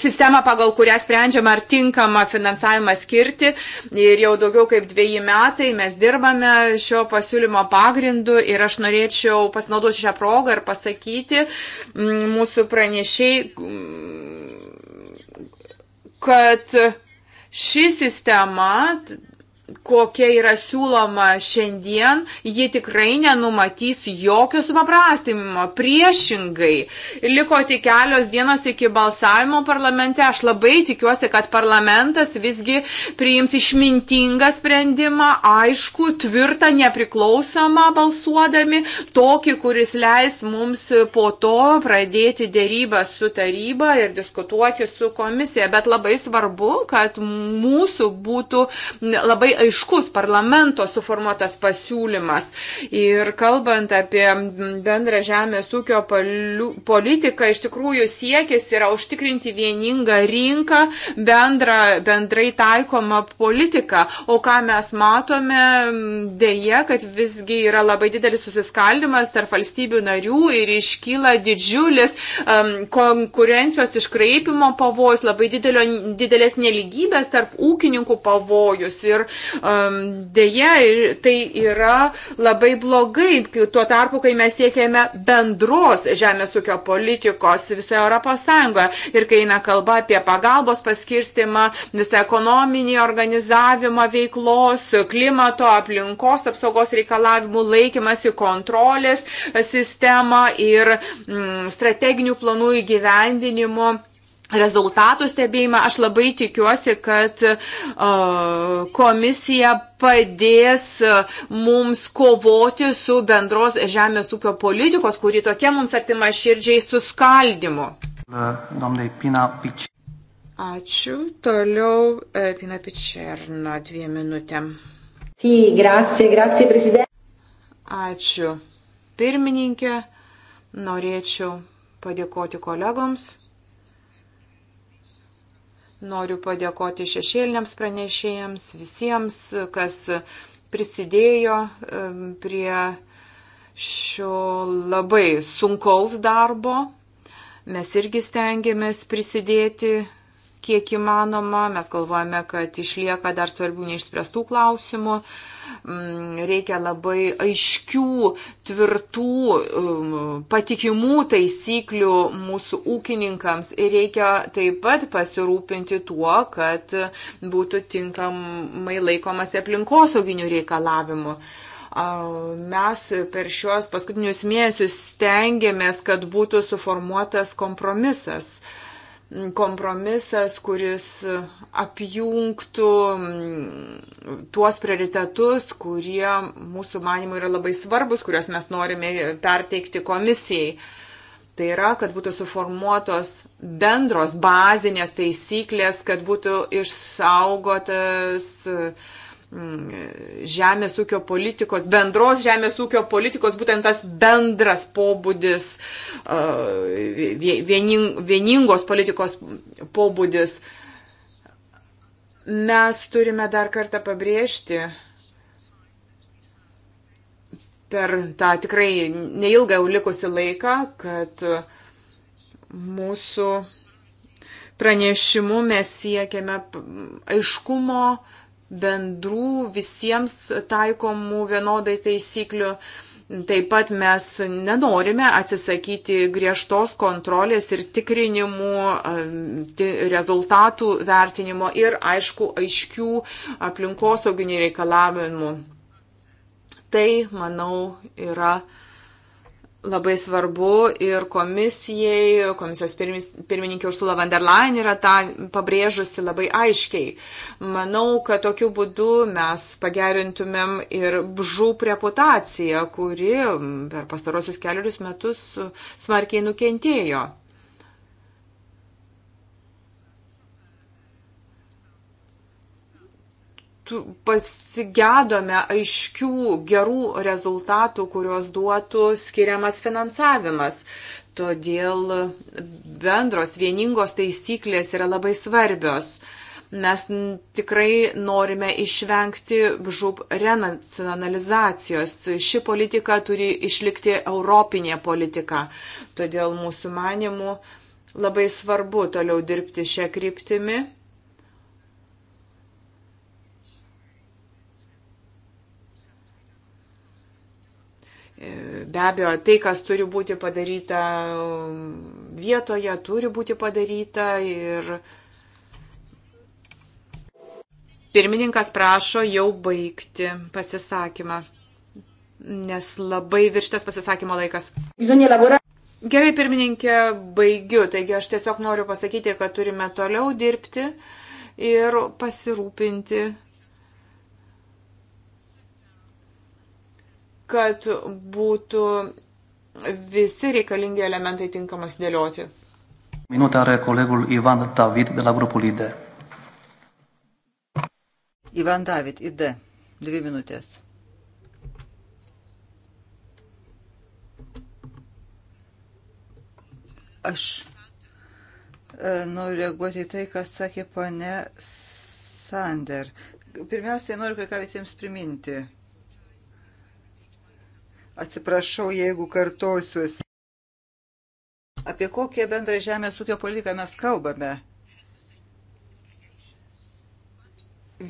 sistemą, pagal kurią sprendžiama, ar tinkama finansavimą skirti. Ir jau daugiau kaip dviejį metai mes dirbame šio pasiūlymo pagrindu ir aš norėčiau pasinaudoti šią progą ir pasakyti, mūsų pranešiai, kad ši sistema kokia yra siūloma šiandien, ji tikrai nenumatys jokio supaprastinimo. Priešingai, liko tik kelios dienos iki balsavimo parlamente. Aš labai tikiuosi, kad parlamentas visgi priims išmintingą sprendimą, aišku, tvirtą, nepriklausomą balsuodami, tokį, kuris leis mums po to pradėti dėrybą su taryba ir diskutuoti su komisija. Bet labai svarbu, kad mūsų būtų labai aišku aiškus parlamento suformuotas pasiūlymas. Ir kalbant apie bendrą žemės ūkio politiką, iš tikrųjų siekis yra užtikrinti vieningą rinką, bendrą, bendrai taikomą politiką. O ką mes matome, dėje, kad visgi yra labai didelis susiskaldimas tarp valstybių narių ir iškyla didžiulis um, konkurencijos iškraipimo pavojus, labai didelio, didelės neligybės tarp ūkininkų pavojus. Ir Deja, tai yra labai blogai, tuo tarpu, kai mes siekėme bendros žemės ūkio politikos visoje Europos Sąjungoje ir kai eina kalba apie pagalbos paskirstimą, visą ekonominį organizavimą veiklos, klimato, aplinkos apsaugos reikalavimų laikymasi, kontrolės sistemą ir mm, strateginių planų įgyvendinimo rezultatų stebėjimą. Aš labai tikiuosi, kad komisija padės mums kovoti su bendros žemės ūkio politikos, kuri tokia mums artima širdžiai suskaldimu. Ačiū. Toliau e, Pina Pičerna dviem minutėm. Sì, grazie, grazie, prezident. Ačiū. Pirmininkė, norėčiau padėkoti kolegoms Noriu padėkoti šešėliniams pranešėjams, visiems, kas prisidėjo prie šio labai sunkaus darbo. Mes irgi stengiamės prisidėti kiek įmanoma. Mes galvojame, kad išlieka dar svarbių neišspręstų klausimų. Mm, reikia labai aiškių, tvirtų, um, patikimų taisyklių mūsų ūkininkams ir reikia taip pat pasirūpinti tuo, kad būtų tinkamai laikomasi aplinkosauginių reikalavimų mes per šiuos paskutinius mėnesius stengiamės, kad būtų suformuotas kompromisas kompromisas, kuris apjungtų mm, tuos prioritetus, kurie mūsų manimų yra labai svarbus, kuriuos mes norime perteikti komisijai. Tai yra, kad būtų suformuotos bendros bazinės taisyklės, kad būtų išsaugotas uh, Mm, žemės ūkio politikos, bendros žemės ūkio politikos, būtent tas bendras pobūdis, uh, vieningos politikos pobūdis. Mes turime dar kartą pabrėžti, per tą tikrai neilgą jau likusi laiką, kad mūsų pranešimu mes siekiame aiškumo, bendrų visiems taikomų vienodai taisyklių. Taip pat mes nenorime atsisakyti griežtos kontrolės ir tikrinimų, e, rezultatų vertinimo ir, aišku, aiškių aplinkosauginių reikalavimų. Tai, manau, yra uh, labai svarbu ir komisijai, komisijos pirmininkė Ursula von der Leyen yra tą pabrėžusi labai aiškiai. Manau, kad tokiu būdu mes pagerintumėm ir bžūp reputaciją, kuri per pastarosius keliarius metus smarkiai nukentėjo. pasigėdome aiškių gerų rezultatų, kuriuos duotų skiriamas finansavimas. Todėl bendros vieningos taisyklės yra labai svarbios. Mes tikrai norime išvengti žūb renacionalizacijos. Ši politika turi išlikti europinė politika. Todėl mūsų manimų labai svarbu toliau dirbti šią kryptimį Be abejo, tai, kas turi būti padaryta um, vietoje, turi būti padaryta ir pirmininkas prašo jau baigti pasisakymą, nes labai virštas pasisakymo laikas. Gerai, pirmininkė, baigiu. Taigi aš tiesiog noriu pasakyti, kad turime toliau dirbti ir pasirūpinti kad būtų visi reikalingi elementai tinkamas dėlioti. Minutę are kolegul Ivan David de la grupul ID. Ivan David, ID. Dvi minutės. Aš e, noriu reaguoti į tai, kas sakė pane Sander. Pirmiausiai noriu kai ką visiems priminti. Atsiprašau, jeigu kartosiuosi. Apie kokią bendrą žemės ūkio politiką mes kalbame?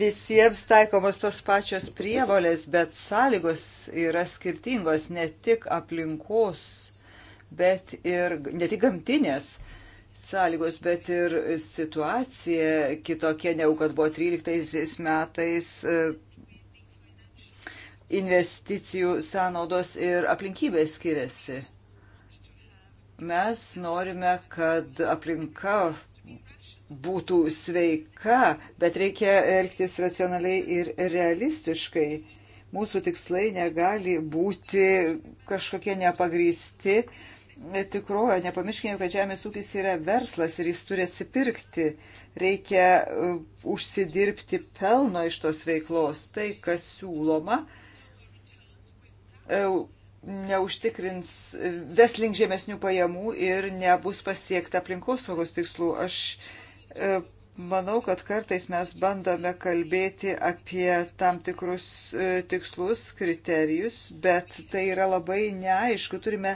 Visiems taikomos tos pačios prievolės, bet sąlygos yra skirtingos ne tik aplinkos, bet ir ne tik gamtinės sąlygos, bet ir situacija kitokia, negu kad buvo 13 metais investicijų sąnaudos ir aplinkybės skiriasi. Mes norime, kad aplinka būtų sveika, bet reikia elgtis racionaliai ir realistiškai. Mūsų tikslai negali būti kažkokie nepagrysti tikrovė. Nepamirškime, kad žemės ūkis yra verslas ir jis turi atsipirkti. Reikia uh, užsidirbti pelno iš tos veiklos. Tai, kas siūloma, uh, E, neužtikrins, ves link žemesnių pajamų ir nebus pasiekta aplinkosaugos tikslų. Aš e, manau, kad kartais mes bandome kalbėti apie tam tikrus e, tikslus, kriterijus, bet tai yra labai neaišku. Turime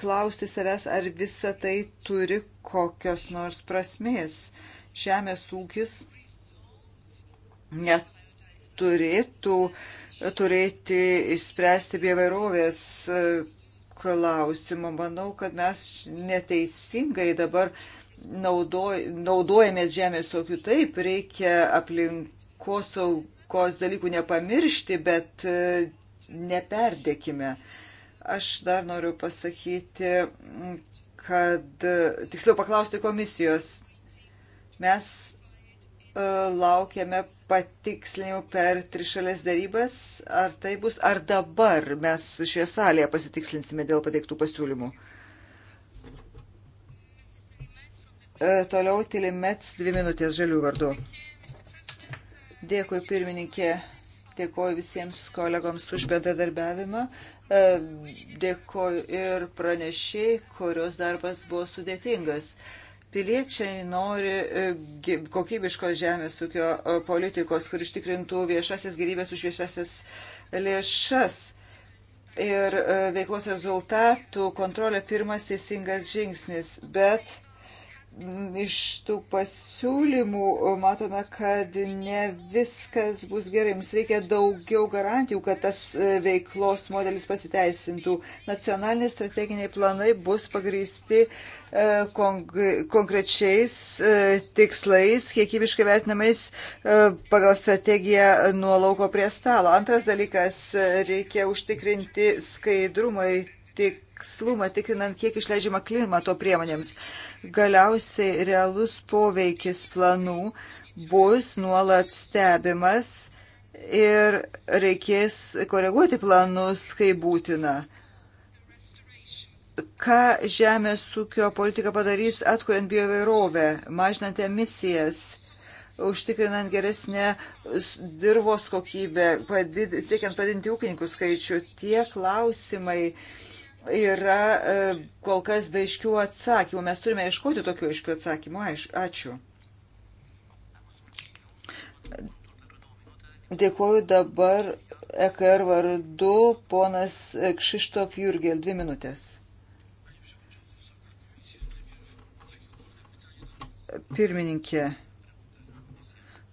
klausti savęs, ar visa tai turi kokios nors prasmės. Žemės ūkis neturėtų uh, turėti išspręsti bioverovės e, klausimą. Manau, kad mes neteisingai dabar naudoj, naudojamės žemės tokiu taip, reikia aplinkosaugos dalykų nepamiršti, bet e, neperdėkime. Aš dar noriu pasakyti, kad e, tiksliau paklausti komisijos. Mes laukiame patikslinimų per trišalės darybas, ar tai bus, ar dabar mes šioje salėje pasitikslinsime dėl pateiktų pasiūlymų. E, toliau Tilimets dvi minutės žalių vardu. Dėkui pirmininkė, dėkoju visiems kolegoms už bendradarbiavimą. E, dėkoju ir pranešiai, kurios darbas buvo sudėtingas. E, Piliečiai nori e, kokybiškos žemės ūkio e, politikos, kur ištikrintų viešasis gyvybės už viešasis lėšas. Ir e, veiklos rezultatų kontrolė pirmas teisingas žingsnis, bet iš tų pasiūlymų matome, kad ne viskas bus gerai. Mums reikia daugiau garantijų, kad tas e, veiklos modelis pasiteisintų. Nacionaliniai strateginiai planai bus pagrįsti e, konkrečiais e, tikslais, kiekybiškai vertinamais pagal strategiją nuo lauko prie stalo. Antras dalykas, reikia užtikrinti skaidrumą tikslumą, tikrinant, kiek išleidžiama klimato priemonėms. Galiausiai realus poveikis planų bus nuolat stebimas ir reikės koreguoti planus, kai būtina. Ką žemės ūkio politika padarys atkuriant biovairovę, mažinant emisijas užtikrinant geresnę dirvos kokybę, padid, siekiant padinti ūkininkų skaičių, tie klausimai yra e, kol kas be aiškių atsakymų. Mes turime iškoti tokių aiškių atsakymų. Ačiū. Dėkuoju dabar EKR vardu ponas Kšištof Jurgel. Dvi minutės. Pirmininkė,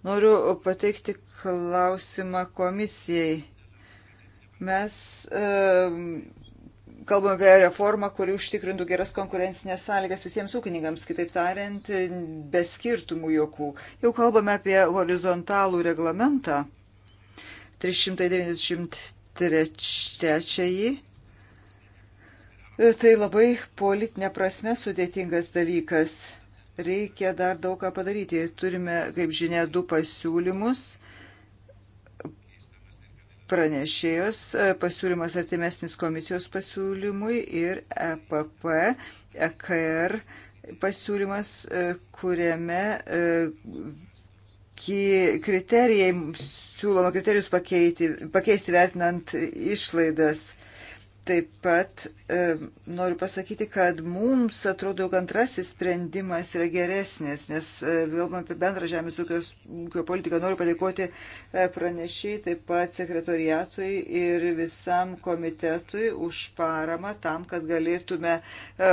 noriu pateikti klausimą komisijai. Mes e, kalbame apie reformą, kuri užtikrintų geras konkurencinės sąlygas visiems ūkininkams, kitaip tariant, be skirtumų jokų. Jau kalbame apie horizontalų reglamentą 393. Tai labai politinė prasme sudėtingas dalykas. Reikia dar daug ką padaryti. Turime, kaip žinia, du pasiūlymus pranešėjos e, pasiūlymas artimesnis komisijos pasiūlymui ir EPP, EKR pasiūlymas, e, kuriame e, kriterijai, siūloma kriterijus pakeiti, pakeisti vertinant išlaidas Taip pat e, noriu pasakyti, kad mums atrodo, jog antrasis sprendimas yra geresnis, nes kalbam e, apie bendrą žemės ūkio politiką. Noriu padėkoti e, pranešiai, taip pat sekretoriatui ir visam komitetui už paramą tam, kad galėtume e,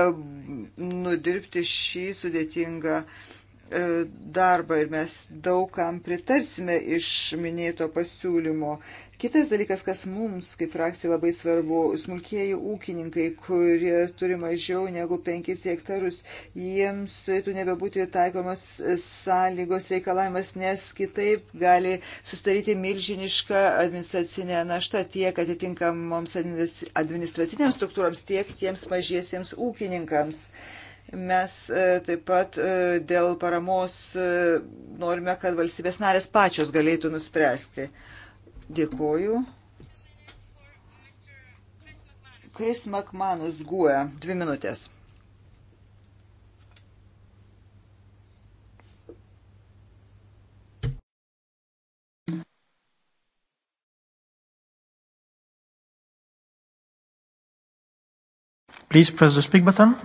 nudirbti šį sudėtingą e, E, darbą ir mes daugam pritarsime iš minėto pasiūlymo. Kitas dalykas, kas mums kaip frakcijai labai svarbu, smulkieji ūkininkai, kurie turi mažiau negu 5 hektarus, jiems turėtų nebebūti taikomos sąlygos reikalavimas, nes kitaip gali sustaryti milžinišką administracinę naštą tiek atitinkamoms administracinėms struktūroms, tiek tiems mažiesiems ūkininkams. Uh, Mes e, taip pat e, dėl paramos e, norime, kad valstybės narės pačios galėtų nuspręsti. Dėkuoju. Kris Makmanus guoja. Dvi minutės. Please press the speak button.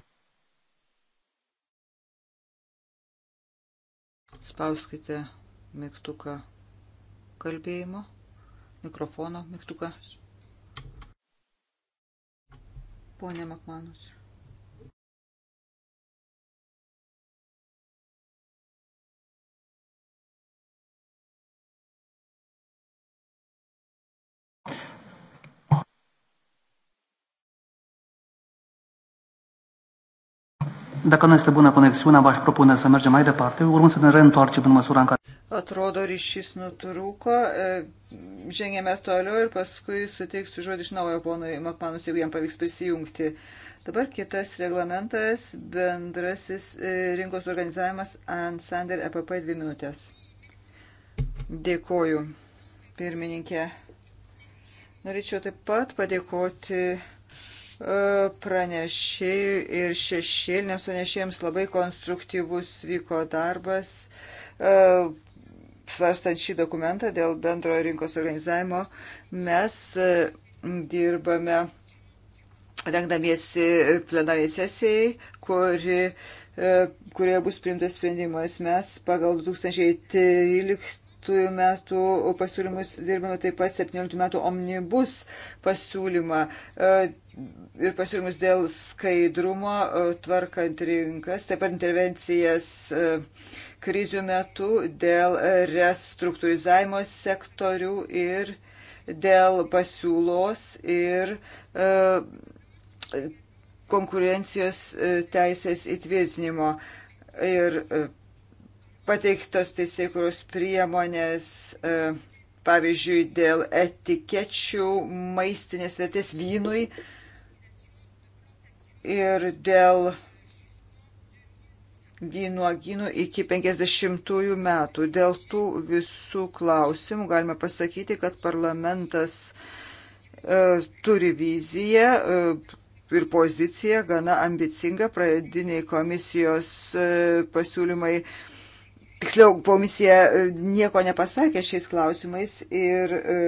Spauskite mygtuką kalbėjimo, mikrofono mygtuką. Pone Makmanus. Dacă noi să bună conexiunea, v-aș propune să mergem mai departe, urmând să ne reîntoarcem în măsura în care... Atrodo, ryšys nutrūko, e, žengėme toliau ir paskui suteiksiu žodį iš naujo ponui Makmanus, jeigu jam pavyks prisijungti. Dabar kitas reglamentas, bendrasis e, rinkos organizavimas Ansander EPP 2 minutės. Dėkoju, pirmininkė. Norėčiau taip pat padėkoti pranešėjui ir šešėliniams pranešėjams labai konstruktyvus vyko darbas e, svarstant šį dokumentą dėl bendrojo rinkos organizavimo. Mes e, dirbame rengdamiesi plenariai sesijai, kuri e, kurioje bus priimtas sprendimas. Mes pagal 2013 2017 metų pasiūlymus dirbame taip pat 17 metų omnibus pasiūlymą ir pasiūlymus dėl skaidrumo e, tvarkant rinkas, taip pat intervencijas e, krizių metu dėl restruktūrizavimo sektorių ir dėl pasiūlos ir e, konkurencijos teisės įtvirtinimo. Ir pateiktos teisėkuros priemonės pavyzdžiui, dėl etikečių maistinės vertės vynui, ir dėl vynuoginų iki 50 metų. Dėl tų visų klausimų galime pasakyti, kad parlamentas e, turi viziją e, ir poziciją gana ambicingą. Pradiniai komisijos e, pasiūlymai, tiksliau, komisija e, nieko nepasakė šiais klausimais ir e,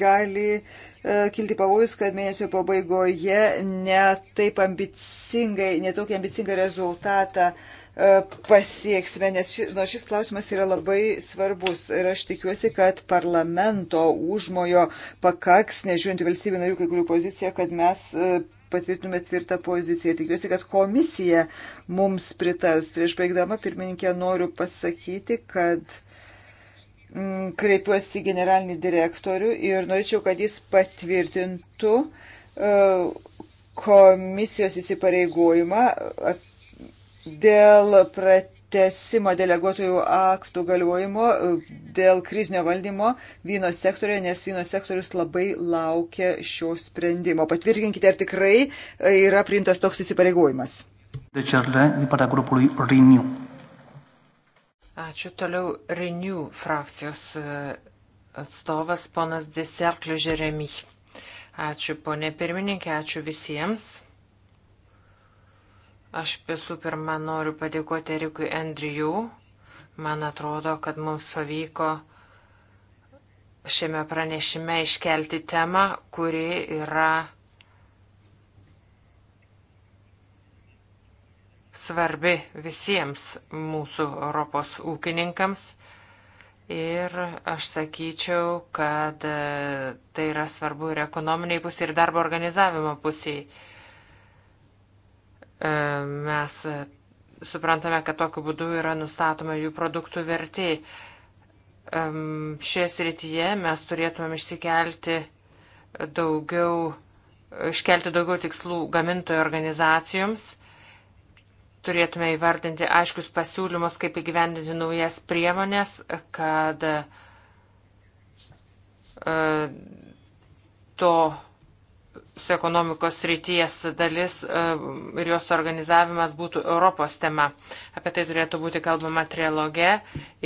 gali e, E, kilti pavojus, kad mėnesio pabaigoje netaip ambicingai, netokį ambicingą rezultatą e, pasieksime, nes ši, nors šis klausimas yra labai svarbus ir aš tikiuosi, kad parlamento užmojo pakaks, nežiūrint valstybių narių kai kurių poziciją, kad mes e, patvirtinume tvirtą poziciją. Tikiuosi, kad komisija mums pritars. Prieš baigdama pirmininkė noriu pasakyti, kad Mm, kreipiuosi generalinį direktorių ir norėčiau, kad jis patvirtintų uh, komisijos įsipareigojimą uh, dėl pratesimo deleguotojų aktų galiojimo, uh, dėl krizinio valdymo vyno sektorioje, nes vyno sektorius labai laukia šio sprendimo. Patvirtinkite, ar tikrai yra priimtas toks įsipareigojimas. Deci, din partea grupului Renew. Ačiū toliau Renew frakcijos e, atstovas ponas Deserkliu Žeremy. Ačiū ponė pirmininkė, ačiū visiems. Aš visų pirma noriu padėkoti Erikui Andriju. Man atrodo, kad mums pavyko šiame pranešime iškelti temą, kuri yra svarbi visiems mūsų Europos ūkininkams. Ir aš sakyčiau, kad e, tai yra svarbu ir ekonominiai pusė, ir darbo organizavimo pusiai. E, mes e, suprantame, kad tokiu būdu yra nustatoma jų produktų vertė. Šioje srityje mes turėtumėm išsikelti daugiau, iškelti daugiau tikslų gamintojų organizacijoms turėtume įvardinti aiškius pasiūlymus, kaip įgyvendinti naujas priemonės, kad e, to ekonomikos ryties dalis e, ir jos organizavimas būtų Europos tema. Apie tai turėtų būti kalbama trialoge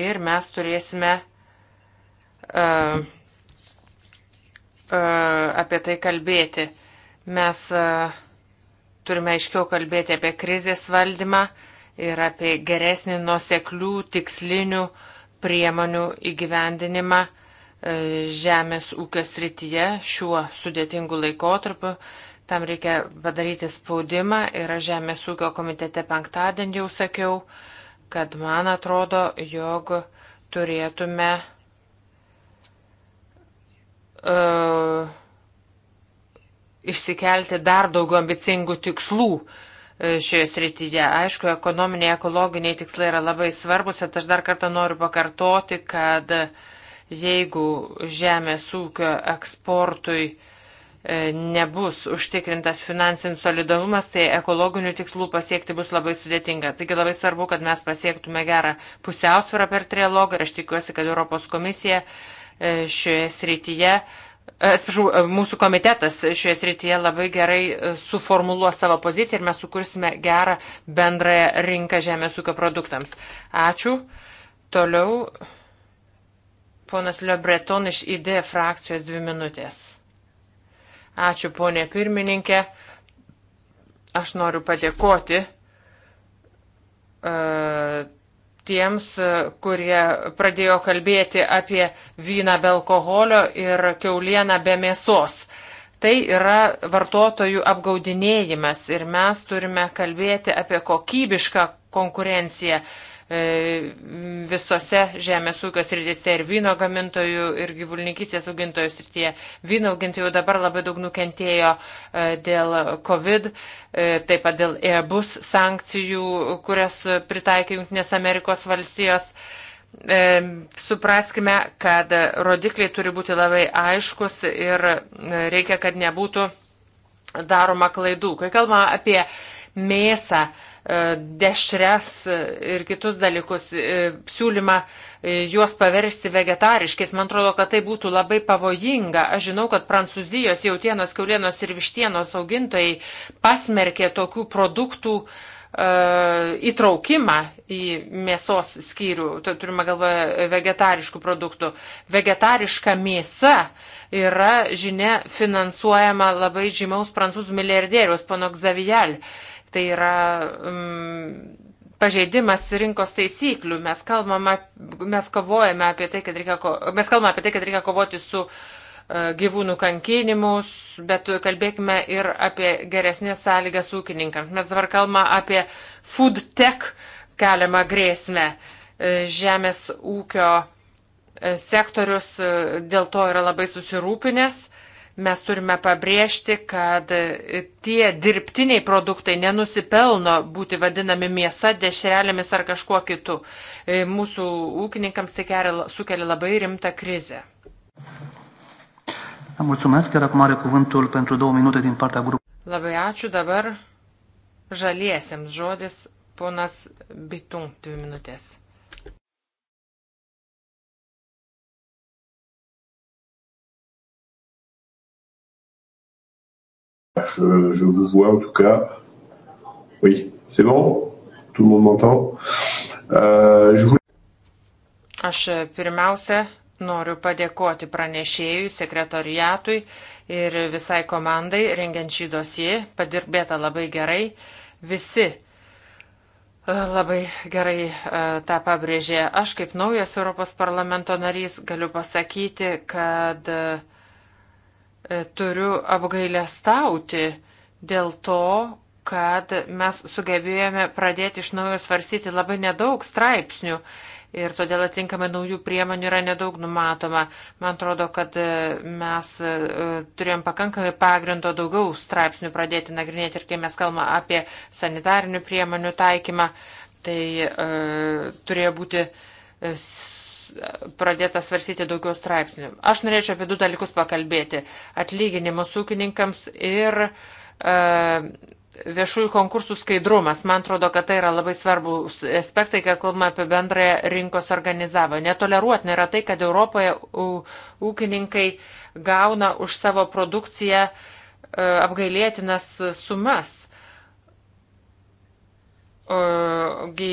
ir mes turėsime e, apie tai kalbėti. Mes uh, Turime aiškiau kalbėti apie krizės valdymą ir apie geresnį nuoseklių tikslinių priemonių įgyvendinimą e, žemės ūkio srityje šiuo sudėtingu laikotarpiu. Tam reikia padaryti spaudimą ir aš Žemės ūkio komitete penktadienį jau sakiau, kad man atrodo, jog turėtume uh, išsikelti dar daugiau ambicingų tikslų e, šioje srityje. Aišku, ekonominiai, ekologiniai tikslai yra labai svarbus, bet aš dar kartą noriu pakartoti, kad jeigu žemės ūkio eksportui e, nebus užtikrintas finansinis solidarumas, tai ekologinių tikslų pasiekti bus labai sudėtinga. Taigi labai svarbu, kad mes pasiektume gerą pusiausvyrą per trialogą ir aš tikiuosi, kad Europos komisija e, šioje srityje uh, E, atsiprašau, e, mūsų komitetas šioje srityje labai gerai e, suformuluos savo poziciją ir mes sukursime gerą bendrąją rinką žemės ūkio produktams. Ačiū. Toliau ponas Lebreton iš ID frakcijos dvi minutės. Ačiū ponė pirmininkė. Aš noriu padėkoti. Uh, tiems, e, kurie pradėjo kalbėti apie vyną be alkoholio ir keulieną be mėsos. Tai yra vartotojų apgaudinėjimas ir mes turime kalbėti apie kokybišką konkurenciją E, visose žemės ūkio srityse ir vyno gamintojų ir gyvulininkystės augintojų srityje. Vyno augintojų dabar labai daug nukentėjo e, dėl COVID, e, taip pat dėl EBUS sankcijų, kurias pritaikė Junktinės Amerikos valstijos. E, supraskime, kad rodikliai turi būti labai aiškus ir reikia, kad nebūtų daroma klaidų. Kai kalbame apie mėsą, e, E, dešres ir kitus dalykus, e, siūlymą e, juos paversti vegetariškais. Man atrodo, kad tai būtų labai pavojinga. Aš žinau, kad prancūzijos jautienos, kiaulienos ir vištienos augintojai pasmerkė tokių produktų įtraukimą į mėsos skyrių, turime galvoje vegetariškų produktų. Vegetariška mėsa yra, žinia, finansuojama labai žymaus prancūzų milijardieriaus, pano Xavijal. Uh, Tai yra mm, pažeidimas rinkos taisyklių. Mes, kalbama, mes, kovojame apie tai, kad reikia, mes kalbame apie tai, kad reikia kovoti su e, gyvūnų kankinimus, bet kalbėkime ir apie geresnės sąlygas ūkininkams. Mes dabar kalbame apie food tech keliamą grėsmę e, žemės ūkio e, sektorius dėl to yra labai susirūpinęs. Mes turime pabrėžti, kad tie dirbtiniai produktai nenusipelno būti vadinami mėsa, dešrelėmis ar kažkuo kitu. E, mūsų ūkininkams tai sukelia labai rimtą krizę. Mulțumesc, chiar acum are cuvântul pentru două minute din partea grupului. Labai ačiū dabar žaliesiems žodis ponas Bitung dvi minutės. Je, je, vous vois en tout cas. Oui, c'est bon Tout le monde m'entend euh, vous... Aš e, pirmiausia noriu padėkoti pranešėjui, sekretoriatui ir visai komandai rengiant šį dosiją. Padirbėta labai gerai. Visi e, labai gerai e, tą pabrėžė. Aš kaip naujas Europos parlamento narys galiu pasakyti, kad uh, E, turiu apgailestauti dėl to, kad mes sugebėjome pradėti iš naujo svarstyti labai nedaug straipsnių ir todėl atinkamai naujų priemonių yra nedaug numatoma. Man atrodo, kad e, mes e, turėjom pakankamai pagrindo daugiau straipsnių pradėti nagrinėti ir kai mes kalbame apie sanitarinių priemonių taikymą, tai e, turėjo būti pradėta svarstyti daugiau straipsnių. Aš norėčiau apie du dalykus pakalbėti - atlyginimus ūkininkams ir e, viešųjų konkursų skaidrumas. Man atrodo, kad tai yra labai svarbus aspektai, kai kalbame apie bendrąją rinkos organizavimą. Netoleruotina yra tai, kad Europoje ūkininkai gauna už savo produkciją e, apgailėtinas sumas. Ogi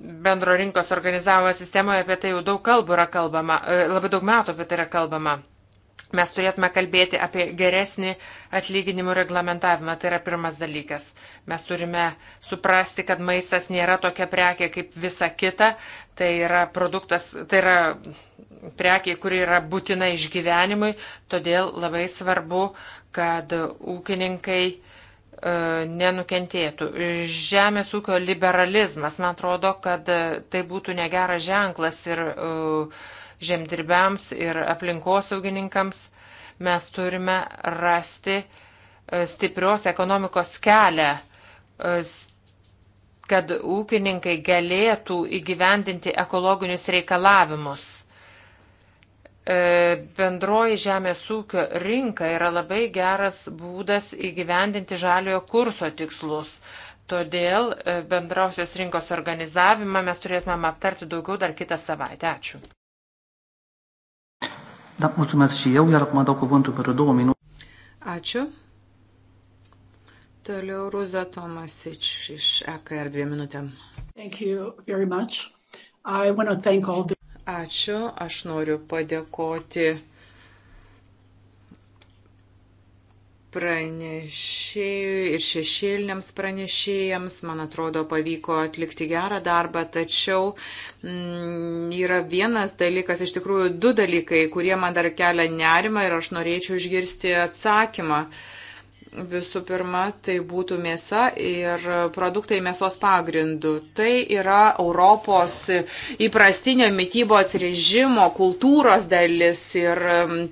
bendro rinkos organizavimo sistemoje apie tai jau daug kalbų yra kalbama, e, labai daug metų apie tai yra kalbama. Mes turėtume kalbėti apie geresnį atlyginimų reglamentavimą, tai yra pirmas dalykas. Mes turime suprasti, kad maistas nėra tokia prekė kaip visa kita, tai yra produktas, tai yra prekė, kuri yra būtina išgyvenimui, todėl labai svarbu, kad ūkininkai uh, E, nenukentėtų. Žemės ūkio liberalizmas, man atrodo, kad tai būtų negeras ženklas ir e, žemdirbiams, ir aplinkosaugininkams. Mes turime rasti e, stiprios ekonomikos kelią, kad ūkininkai galėtų įgyvendinti ekologinius reikalavimus E, bendroji žemės ūkio rinka yra labai geras būdas įgyvendinti žaliojo kurso tikslus. Todėl e, bendrausios rinkos organizavimą mes turėtumėm aptarti daugiau dar kitą savaitę. Ačiū. Da, mulțumesc și eu, iar acum dau cuvântul pentru două minute. Ačiū. Toliau Ruza Tomasič iš EKR dviem minutėm. Thank you very much. I want to thank all the Ačiū, aš noriu padėkoti pranešėjui ir šešėliniams pranešėjams, man atrodo, pavyko atlikti gerą darbą, tačiau m, mm, yra vienas dalykas, iš tikrųjų du dalykai, kurie man dar kelia nerimą ir aš norėčiau išgirsti atsakymą. Uh, Visų pirma, tai būtų mėsa ir produktai mėsos pagrindų. Tai yra Europos įprastinio mytybos režimo kultūros dalis ir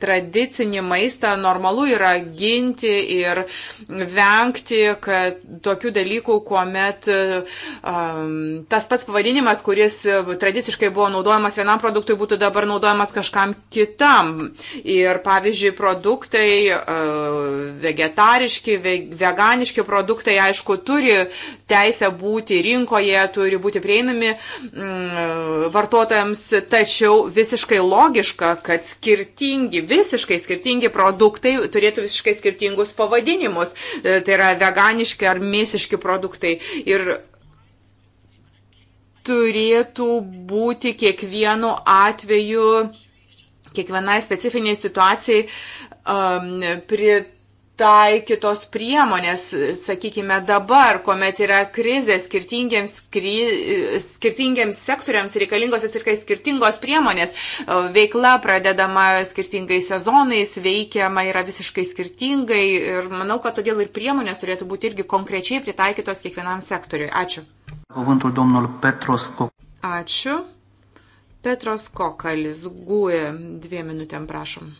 tradicinį maistą normalu yra ginti ir vengti, kad tokių dalykų, kuomet um, tas pats pavadinimas, kuris tradiciškai buvo naudojamas vienam produktui, būtų dabar naudojamas kažkam kitam. Ir pavyzdžiui, produktai uh, vegetariškai, veganiški, veganiški produktai, aišku, turi teisę būti rinkoje, turi būti prieinami mm, vartotojams, tačiau visiškai logiška, kad skirtingi, visiškai skirtingi produktai turėtų visiškai skirtingus pavadinimus. E, tai yra veganiški ar mėsiški produktai. Ir turėtų būti kiekvienu atveju, kiekvienai specifiniai situacijai um, prie taikytos priemonės, sakykime, dabar, kuomet yra krizė skirtingiems, kri, skirtingiems sektoriams reikalingos visiškai skirtingos priemonės. Veikla pradedama skirtingais sezonais, veikiama yra visiškai skirtingai ir manau, kad todėl ir priemonės turėtų būti irgi konkrečiai pritaikytos kiekvienam sektoriui. Ačiū. Cuvântul domnul Petros Coc. Ačiū. Petros Kokalis, GUE, dviem minutėm prašom.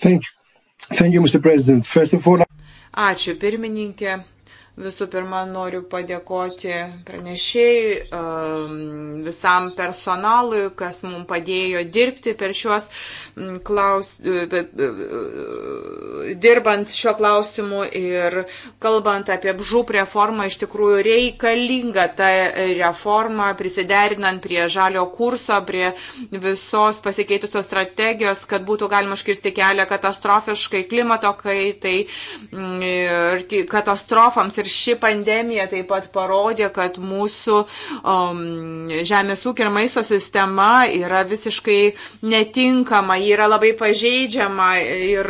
Thank you. Thank you, Mr. President. First of all, Ačiū pirmininkė. Visų pirma, noriu padėkoti pranešėjai, um, visam personalui, kas mums padėjo dirbti per šiuos mm, klaus, e, e, dirbant šio klausimu ir kalbant apie bžūp reformą, iš tikrųjų reikalinga ta reforma, prisiderinant prie žalio kurso, prie visos pasikeitusios strategijos, kad būtų galima iškirsti kelią katastrofiškai klimato kaitai mm, ir katastrofams ir ir ši pandemija taip pat parodė, kad mūsų um, žemės ūkio ir maisto sistema yra visiškai netinkama, ji yra labai pažeidžiama ir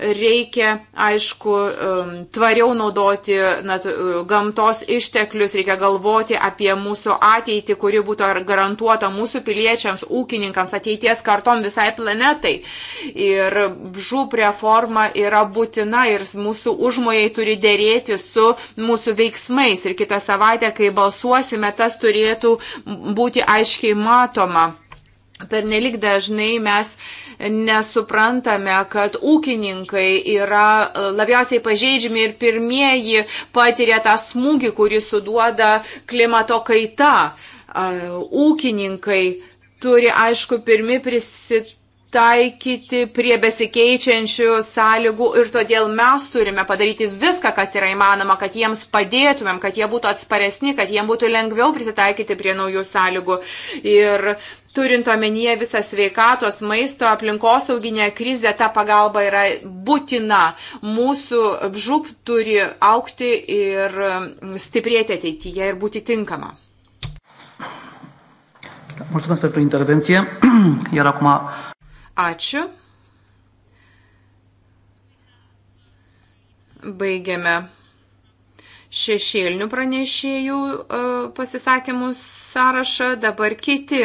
reikia, aišku, um, tvariau naudoti nat, gamtos išteklius, reikia galvoti apie mūsų ateitį, kuri būtų garantuota mūsų piliečiams, ūkininkams, ateities kartom visai planetai. Ir žūp reforma yra būtina ir mūsų užmojai turi dėrėti su mūsų veiksmais ir kitą savaitę, kai balsuosime, tas turėtų būti aiškiai matoma. Per nelik dažnai mes nesuprantame, kad ūkininkai yra e, labiausiai pažeidžiami ir pirmieji patiria tą smūgį, kurį suduoda klimato kaita. E, ūkininkai turi, aišku, pirmi prisitaikyti taikyti prie besikeičiančių sąlygų ir todėl mes turime padaryti viską, kas yra įmanoma, kad jiems padėtumėm, kad jie būtų atsparesni, kad jiems būtų lengviau prisitaikyti prie naujų sąlygų. Ir turint omenyje visą sveikatos, maisto, aplinkosauginę krizę, ta pagalba yra būtina. Mūsų žūp turi aukti ir um, stiprėti ateityje ir būti tinkama. Mulțumesc pentru intervenție, iar acum Ačiū. Baigiame šešėlinių pranešėjų e, pasisakymų sąrašą. Dabar kiti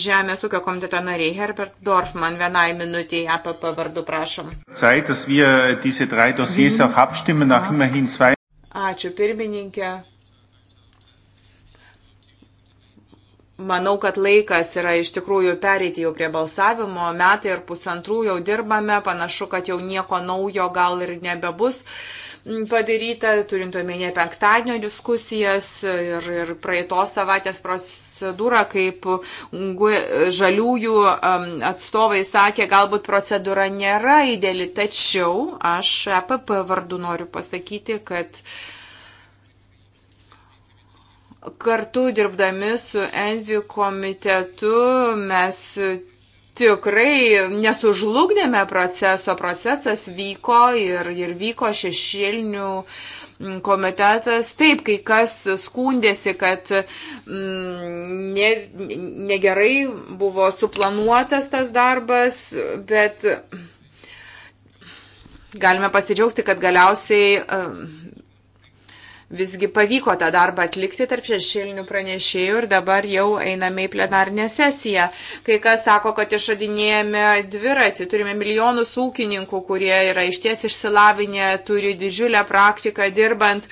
Žemės ūkio komiteto nariai. Herbert Dorfman, vienai minutiai APP vardu prašom. Ačiū pirmininkė. Manau, kad laikas yra iš tikrųjų pereiti jau prie balsavimo, metai ir pusantrų jau dirbame, panašu, kad jau nieko naujo gal ir nebebus padaryta, turint omenyje penktadienio diskusijas ir, ir praeitos savaitės procedūrą, kaip žaliųjų um, atstovai sakė, galbūt procedūra nėra ideali, tačiau aš EPP vardu noriu pasakyti, kad uh, Kartu dirbdami su Envi komitetu mes tikrai nesužlugdėme proceso. Procesas vyko ir, ir vyko šešėlinių mm, komitetas. Taip, kai kas skundėsi, kad mm, ne, negerai buvo suplanuotas tas darbas, bet galime pasidžiaugti, kad galiausiai mm, visgi pavyko tą darbą atlikti tarp šešėlinių pranešėjų ir dabar jau einame į plenarinę sesiją. Kai kas sako, kad išradinėjame dviratį, turime milijonus ūkininkų, kurie yra išties išsilavinę, turi didžiulę praktiką dirbant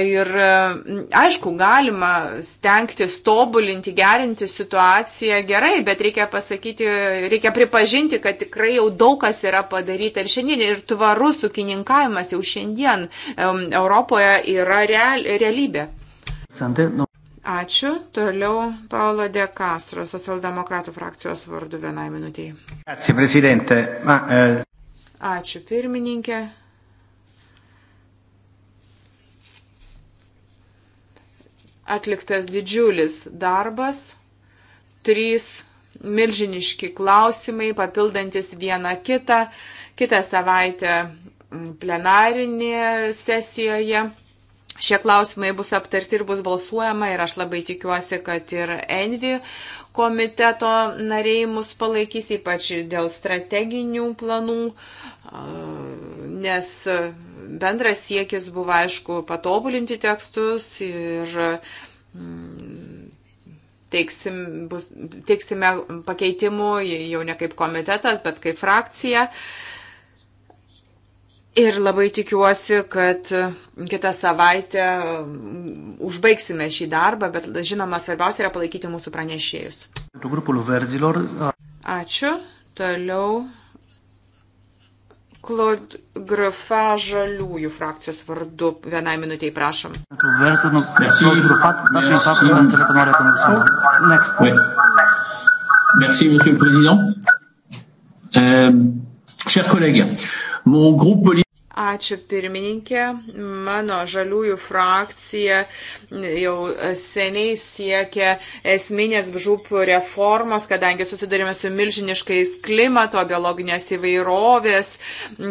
ir e, aišku, galima stengtis tobulinti, gerinti situaciją gerai, bet reikia pasakyti, reikia pripažinti, kad tikrai jau daug kas yra padaryta ir šiandien ir tvarus ūkininkavimas jau šiandien Europoje yra real, realybę. Nu- Ačiū. Toliau Paulo De Castro, socialdemokratų frakcijos vardu vienai minutiai. Ačiū, prezidentė. Ma, e... Ačiū, pirmininkė. Atliktas didžiulis darbas, trys milžiniški klausimai, papildantis vieną kitą. Kitą savaitę plenarinėje sesijoje Šie klausimai bus aptarti ir bus balsuojama ir aš labai tikiuosi, kad ir Envi komiteto nariai mus palaikys, ypač ir dėl strateginių planų, nes bendras siekis buvo, aišku, patobulinti tekstus ir mm, teiksim, bus, teiksime pakeitimų jau ne kaip komitetas, bet kaip frakcija. Uh, Ir labai tikiuosi, kad kitą savaitę um, užbaigsime šį darbą, bet žinoma, svarbiausia yra palaikyti mūsų pranešėjus. Ačiū. Toliau. Klod Grafa Žaliųjų frakcijos vardu. Vienai minutiai prašom. Merci, monsieur le président. Euh, chers collègues, mon groupe politique. Ačiū pirmininkė. Mano žaliųjų frakcija jau seniai siekia esminės žūp reformos, kadangi susidurime su milžiniškais klimato, biologinės įvairovės,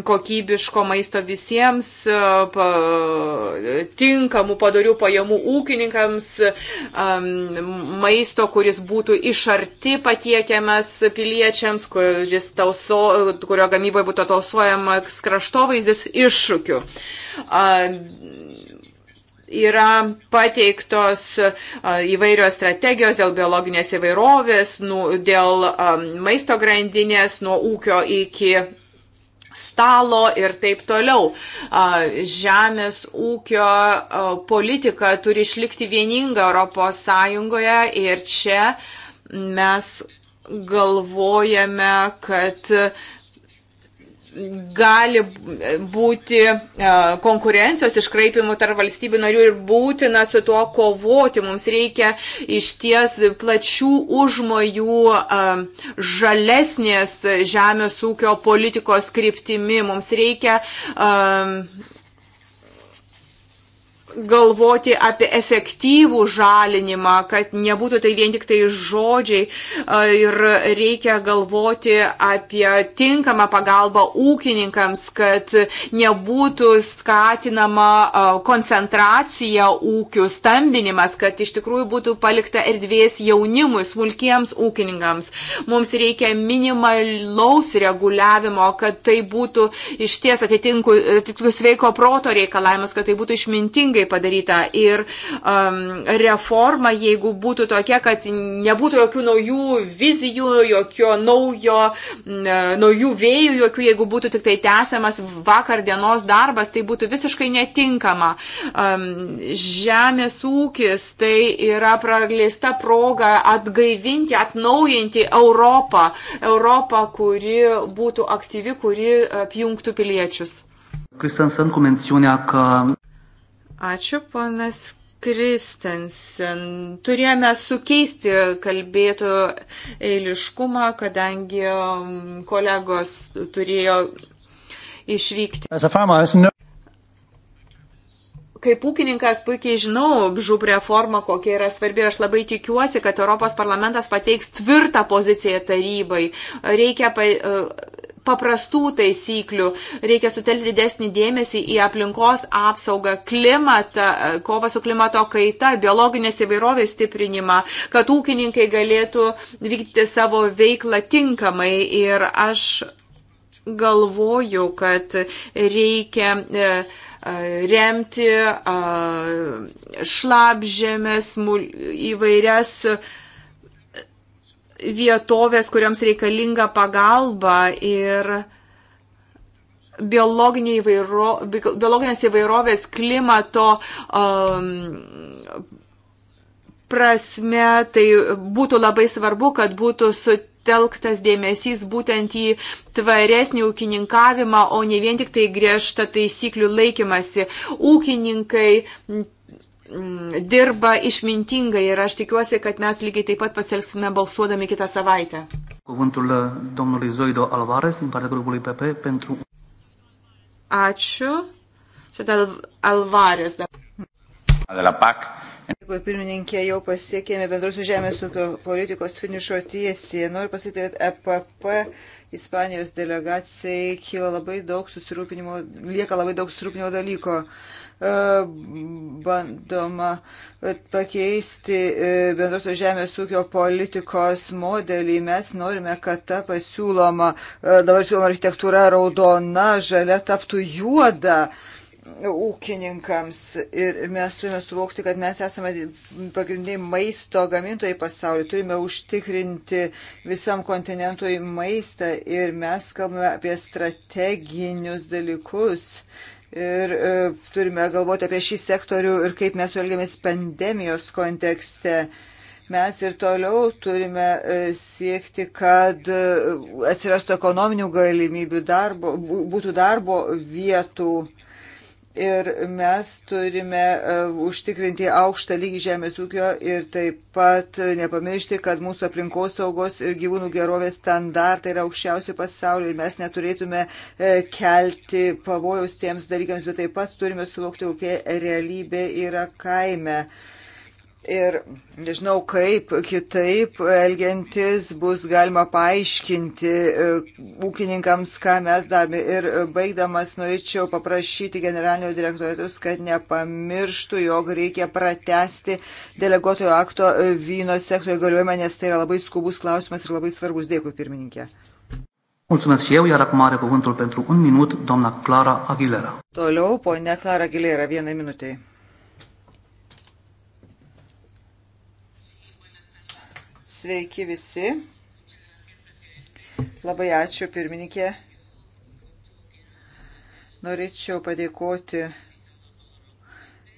kokybiško maisto visiems, tinkamų padarių pajamų ūkininkams, maisto, kuris būtų iš arti patiekiamas piliečiams, kurio gamyboje būtų tausojamas kraštovaizdis iššūkių. A, yra pateiktos įvairios strategijos dėl biologinės įvairovės, nu, dėl maisto grandinės, nuo ūkio iki stalo ir taip toliau. Žemės ūkio politika turi išlikti vieninga ES ir čia mes galvojame, kad gali būti e, konkurencijos iškraipimų tarp valstybių narių ir būtina su tuo kovoti. Mums reikia iš ties plačių užmojų e, žalesnės žemės ūkio politikos kryptimi. Mums reikia e, galvoti apie efektyvų žalinimą, kad nebūtų tai vien tik tai žodžiai ir reikia galvoti apie tinkamą pagalbą ūkininkams, kad nebūtų skatinama koncentracija ūkių, stambinimas, kad iš tikrųjų būtų palikta erdvės jaunimui, smulkiems ūkininkams. Mums reikia minimalaus reguliavimo, kad tai būtų iš ties atitinku, atitinku sveiko proto reikalavimas, kad tai būtų išmintingai tai padaryta. Ir um, reforma, jeigu būtų tokia, kad nebūtų jokių naujų vizijų, jokio naujo, naujų vėjų, jokių, jeigu būtų tik tai tęsiamas vakar dienos darbas, tai būtų visiškai netinkama. Um, žemės ūkis tai yra praleista proga atgaivinti, atnaujinti Europą. Europą, kuri būtų aktyvi, kuri apjungtų piliečius. Kristensen, konvencija, kad... Ačiū, ponas Kristensen. Turėjome sukeisti kalbėtų eiliškumą, kadangi um, kolegos turėjo išvykti. Kaip ūkininkas puikiai žinau, žūb reforma kokia yra svarbi ir aš labai tikiuosi, kad Europos parlamentas pateiks tvirtą poziciją tarybai. Reikia pa, paprastų taisyklių. Reikia sutelkti didesnį dėmesį į aplinkos apsaugą, klimatą, kovą su klimato kaita, biologinės įvairovės stiprinimą, kad ūkininkai galėtų vykdyti savo veiklą tinkamai. Ir aš galvoju, kad reikia e, e, remti šlapžėmės įvairias vietovės, kuriuoms reikalinga pagalba ir biologinė įvairo, biologinės įvairovės klimato um, prasme, tai būtų labai svarbu, kad būtų sutelktas dėmesys būtent į tvaresnį ūkininkavimą, o ne vien tik tai griežta taisyklių laikymasi. Ūkininkai Mm, dirba išmintingai ir aš tikiuosi, kad mes lygiai taip pat pasielgsime balsuodami kitą savaitę. Cuvântul uh, domnului Zoido Alvarez din partea grupului PP pentru... Ačiū. Čia dėl Alvarez. Dėkui, pirmininkė, jau pasiekėme bendrus žemės ūkio politikos finišo tiesiai. Noriu pasakyti, kad EPP Ispanijos delegacijai kyla labai daug susirūpinimo, lieka labai daug susirūpinimo dalyko. Uh, E, bandoma pakeisti e, bendrosios žemės ūkio politikos modelį. Mes norime, kad ta pasiūloma, e, dabar siūloma architektūra raudona, žalia taptų juoda ūkininkams ir mes turime suvokti, kad mes esame pagrindiniai maisto gamintojai pasaulyje, turime užtikrinti visam kontinentui maistą ir mes kalbame apie strateginius dalykus. Uh, Ir e, turime galvoti apie šį sektorių ir kaip mes elgiamės pandemijos kontekste. Mes ir toliau turime e, siekti, kad e, atsirastų ekonominių galimybių, darbo, būtų darbo vietų ir mes turime e, užtikrinti aukštą lygį žemės ūkio ir taip pat nepamiršti, kad mūsų aplinkos saugos ir gyvūnų gerovės standartai yra aukščiausi pasaulyje ir mes neturėtume e, kelti pavojaus tiems dalykams, bet taip pat turime suvokti, kokia realybė yra kaime. Ir nežinau, kaip kitaip elgiantis bus galima paaiškinti e, ūkininkams, ką mes darome. Ir baigdamas norėčiau paprašyti generalinio direktorius, kad nepamirštų, jog reikia pratesti deleguotojo akto e, vyno sektorio galiojimą, nes tai yra labai skubus klausimas ir labai svarbus. Dėkui, pirmininkė. Mulțumesc și eu, iar acum are cuvântul pentru un minut doamna Clara Aguilera. Toliau, ponia Clara Aguilera, vienai minutei. Sveiki visi. Labai ačiū pirmininkė. Norėčiau padėkoti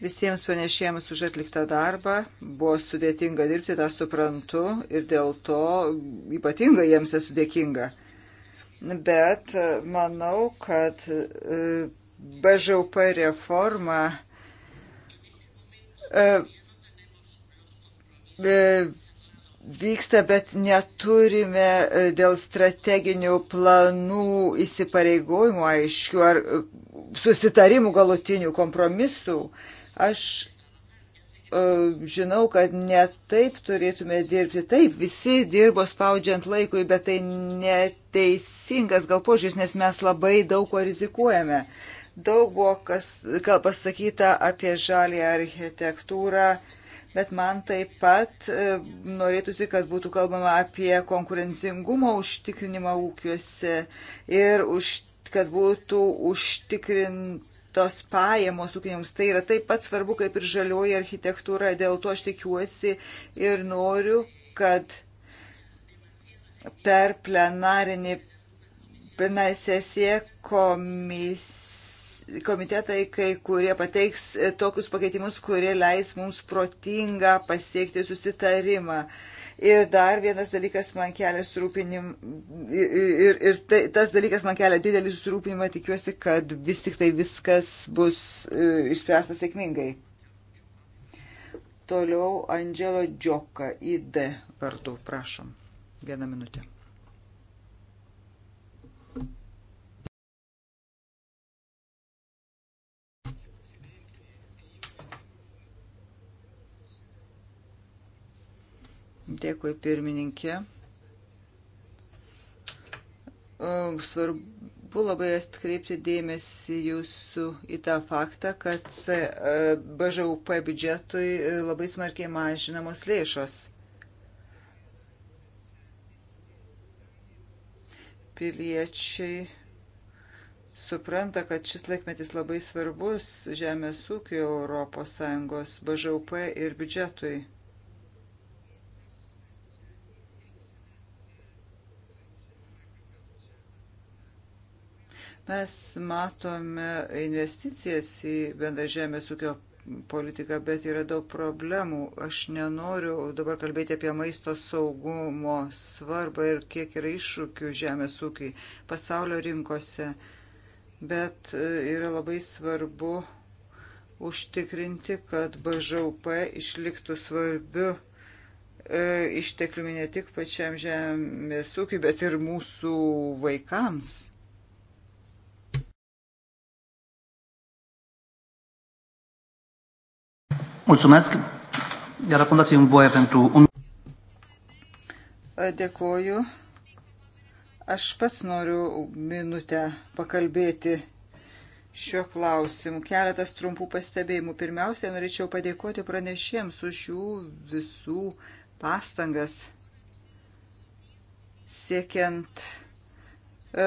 visiems panešėjams už atliktą darbą. Buvo sudėtinga dirbti, tą suprantu ir dėl to ypatingai jiems esu dėkinga. Bet e, manau, kad e, BŽUP reforma e, vyksta, bet neturime e, dėl strateginių planų įsipareigojimų aiškių ar e, susitarimų galutinių kompromisų. Aš e, žinau, kad ne taip turėtume dirbti. Taip, visi dirbo spaudžiant laikui, bet tai neteisingas gal požiūris, nes mes labai daug ko rizikuojame. Daug buvo kas, gal pasakyta apie žalį architektūrą, bet man taip pat e, norėtųsi, kad būtų kalbama apie konkurencingumo užtikrinimą ūkiuose ir už, kad būtų užtikrintos pajamos ūkininkams. Tai yra taip pat svarbu kaip ir žalioji architektūra, dėl to aš tikiuosi ir noriu, kad per plenarinį sesiją komisija komitetai kai kurie pateiks e, tokius pakeitimus, kurie leis mums protingą pasiekti susitarimą. Ir dar vienas dalykas man kelia surūpinim, ir, ir, ir tai, tas dalykas man kelia didelį surūpinimą, tikiuosi, kad vis tik tai viskas bus e, išspręsta sėkmingai. Toliau Angelo Džioka, ID vardu, prašom. Vieną minutę. Dėkui pirmininkė. Svarbu labai atkreipti dėmesį jūsų į tą faktą, kad e, BŽUP biudžetui e, labai smarkiai mažinamos lėšos. Piliečiai supranta, kad šis laikmetis labai svarbus žemės ūkio ES, BŽUP ir biudžetui. Mes matome investicijas į bendrą žemės ūkio politiką, bet yra daug problemų. Aš nenoriu dabar kalbėti apie maisto saugumo svarbą ir kiek yra iššūkių žemės ūkiai pasaulio rinkose, bet e, yra labai svarbu užtikrinti, kad BŽUP išliktų svarbiu e, ištekliumi ne tik pačiam žemės ūkiui, bet ir mūsų vaikams. Mulțumesc. Iar acum dați-mi voie pentru un... Dėkuoju. Aš pats noriu minutę pakalbėti šiuo klausimu. Keletas trumpų pastebėjimų. Pirmiausia, norėčiau padėkoti pranešėjams už jų visų pastangas siekiant e,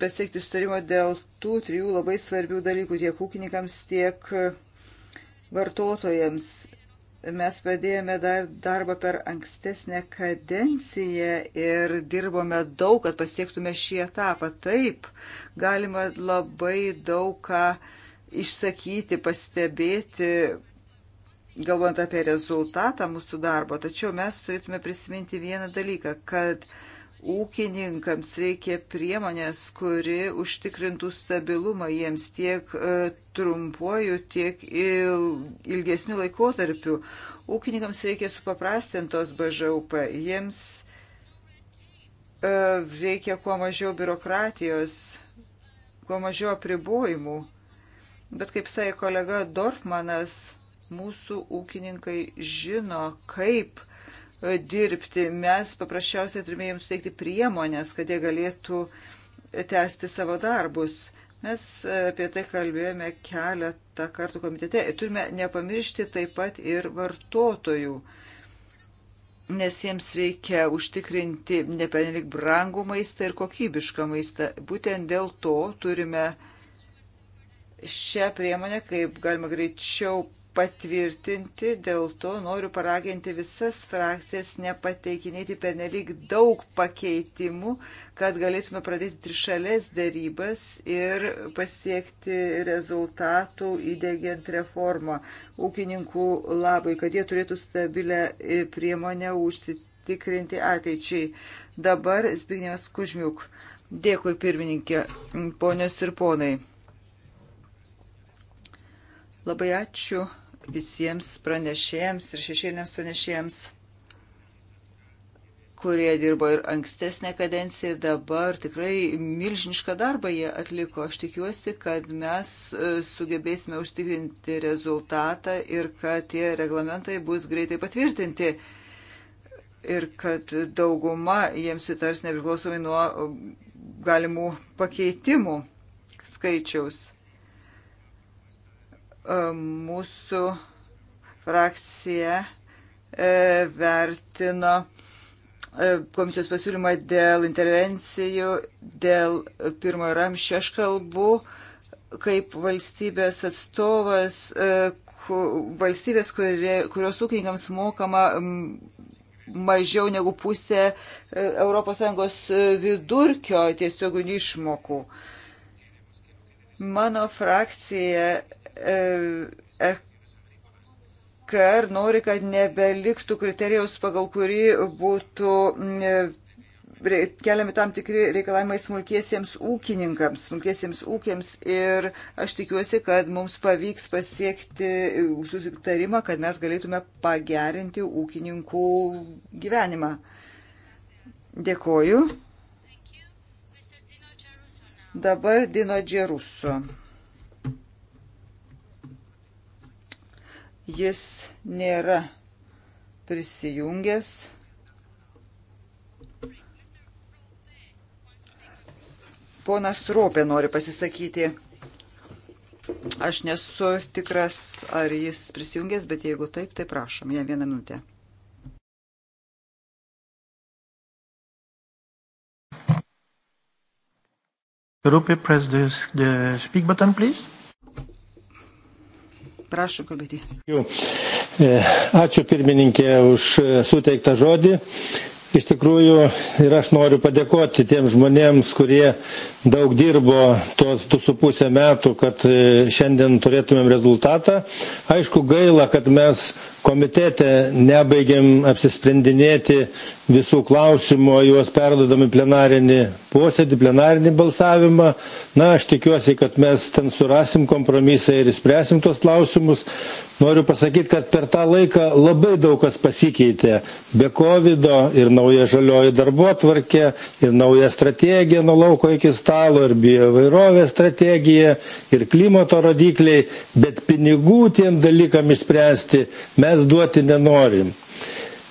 pasiekti sustarimo dėl tų trijų labai svarbių dalykų tiek ūkininkams, tiek vartotojams. Mes pradėjome dar darbą per ankstesnę kadenciją ir dirbome daug, kad pasiektume šį etapą. Taip, galima labai daug ką išsakyti, pastebėti, galvojant apie rezultatą mūsų darbo. Tačiau mes turėtume prisiminti vieną dalyką, kad uh, ūkininkams reikia priemonės, kuri užtikrintų stabilumą jiems tiek e, trumpuoju, tiek ilgesniu laikotarpiu. Ūkininkams reikia supaprastintos BŽUP, jiems e, reikia kuo mažiau biurokratijos, kuo mažiau apribojimų. Bet kaip sakė kolega Dorfmanas, mūsų ūkininkai žino, kaip uh, dirbti. Mes paprasčiausiai turime jiems suteikti priemonės, kad jie galėtų tęsti savo darbus. Mes apie tai kalbėjome keletą kartų komitete. Turime nepamiršti taip pat ir vartotojų, nes jiems reikia užtikrinti nepenelik brangų maistą ir kokybišką maistą. Būtent dėl to turime šią priemonę, kaip galima greičiau patvirtinti, dėl to noriu paraginti visas frakcijas nepateikinėti pernelyg daug pakeitimų, kad galėtume pradėti trišalės dėrybas ir pasiekti rezultatų įdėgiant reformą ūkininkų labai, kad jie turėtų stabilę e, priemonę užsitikrinti ateičiai. Dabar Zbignevas Kužmiuk. Dėkui pirmininkė, ponios ir ponai. Labai ačiū visiems pranešėjams ir šešėliniams pranešėjams, kurie dirbo ir ankstesnę kadenciją ir dabar tikrai milžinišką darbą jie atliko. Aš tikiuosi, kad mes e, sugebėsime užtikrinti rezultatą ir kad tie reglamentai bus greitai patvirtinti. Ir kad dauguma jiems įtars nepriklausomai nuo e, galimų pakeitimų skaičiaus. E, mūsų frakcija e, vertino e, komisijos pasiūlymą dėl intervencijų, dėl pirmojo ramščio. Aš kalbu kaip valstybės atstovas, valstybės, kurios ūkininkams mokama mažiau negu pusė ES vidurkio tiesioginių išmokų. Mano frakcija EKR nori, kad nebeliktų kriterijos, pagal kurį būtų e, keliami tam tikri reikalavimai smulkiesiems ūkininkams, smulkiesiems ūkiams ir aš tikiuosi, kad mums pavyks pasiekti susitarimą, kad mes galėtume pagerinti ūkininkų gyvenimą. Dėkoju. Dabar Dino Džeruso. Jis nėra prisijungęs. Ponas Ropė nori pasisakyti. Aš nesu tikras, ar jis prisijungęs, bet jeigu taip, tai prašom, jam vieną minutę. Rupi, press the, the speak button, please. Prašau kalbėti. E, ačiū pirmininkė už e, suteiktą žodį. Iš tikrųjų, ir aš noriu padėkoti tiems žmonėms, kurie daug dirbo tos 2,5 metų, kad e, šiandien turėtumėm rezultatą. Aišku, gaila, kad mes komitete nebaigėm apsisprendinėti visų klausimų, juos perdodami plenarinį posėdį, plenarinį balsavimą. Na, aš tikiuosi, kad mes ten surasim kompromisą ir spręsim tos klausimus. Noriu pasakyti, kad per tą laiką labai daug kas pasikeitė. Be COVID ir nauja žalioji darbo tvarkė, ir nauja strategija nuo lauko iki stalo, ir biovairovės strategija, ir klimato rodikliai, bet pinigų tiem dalykam išspręsti mes mes duoti nenorim.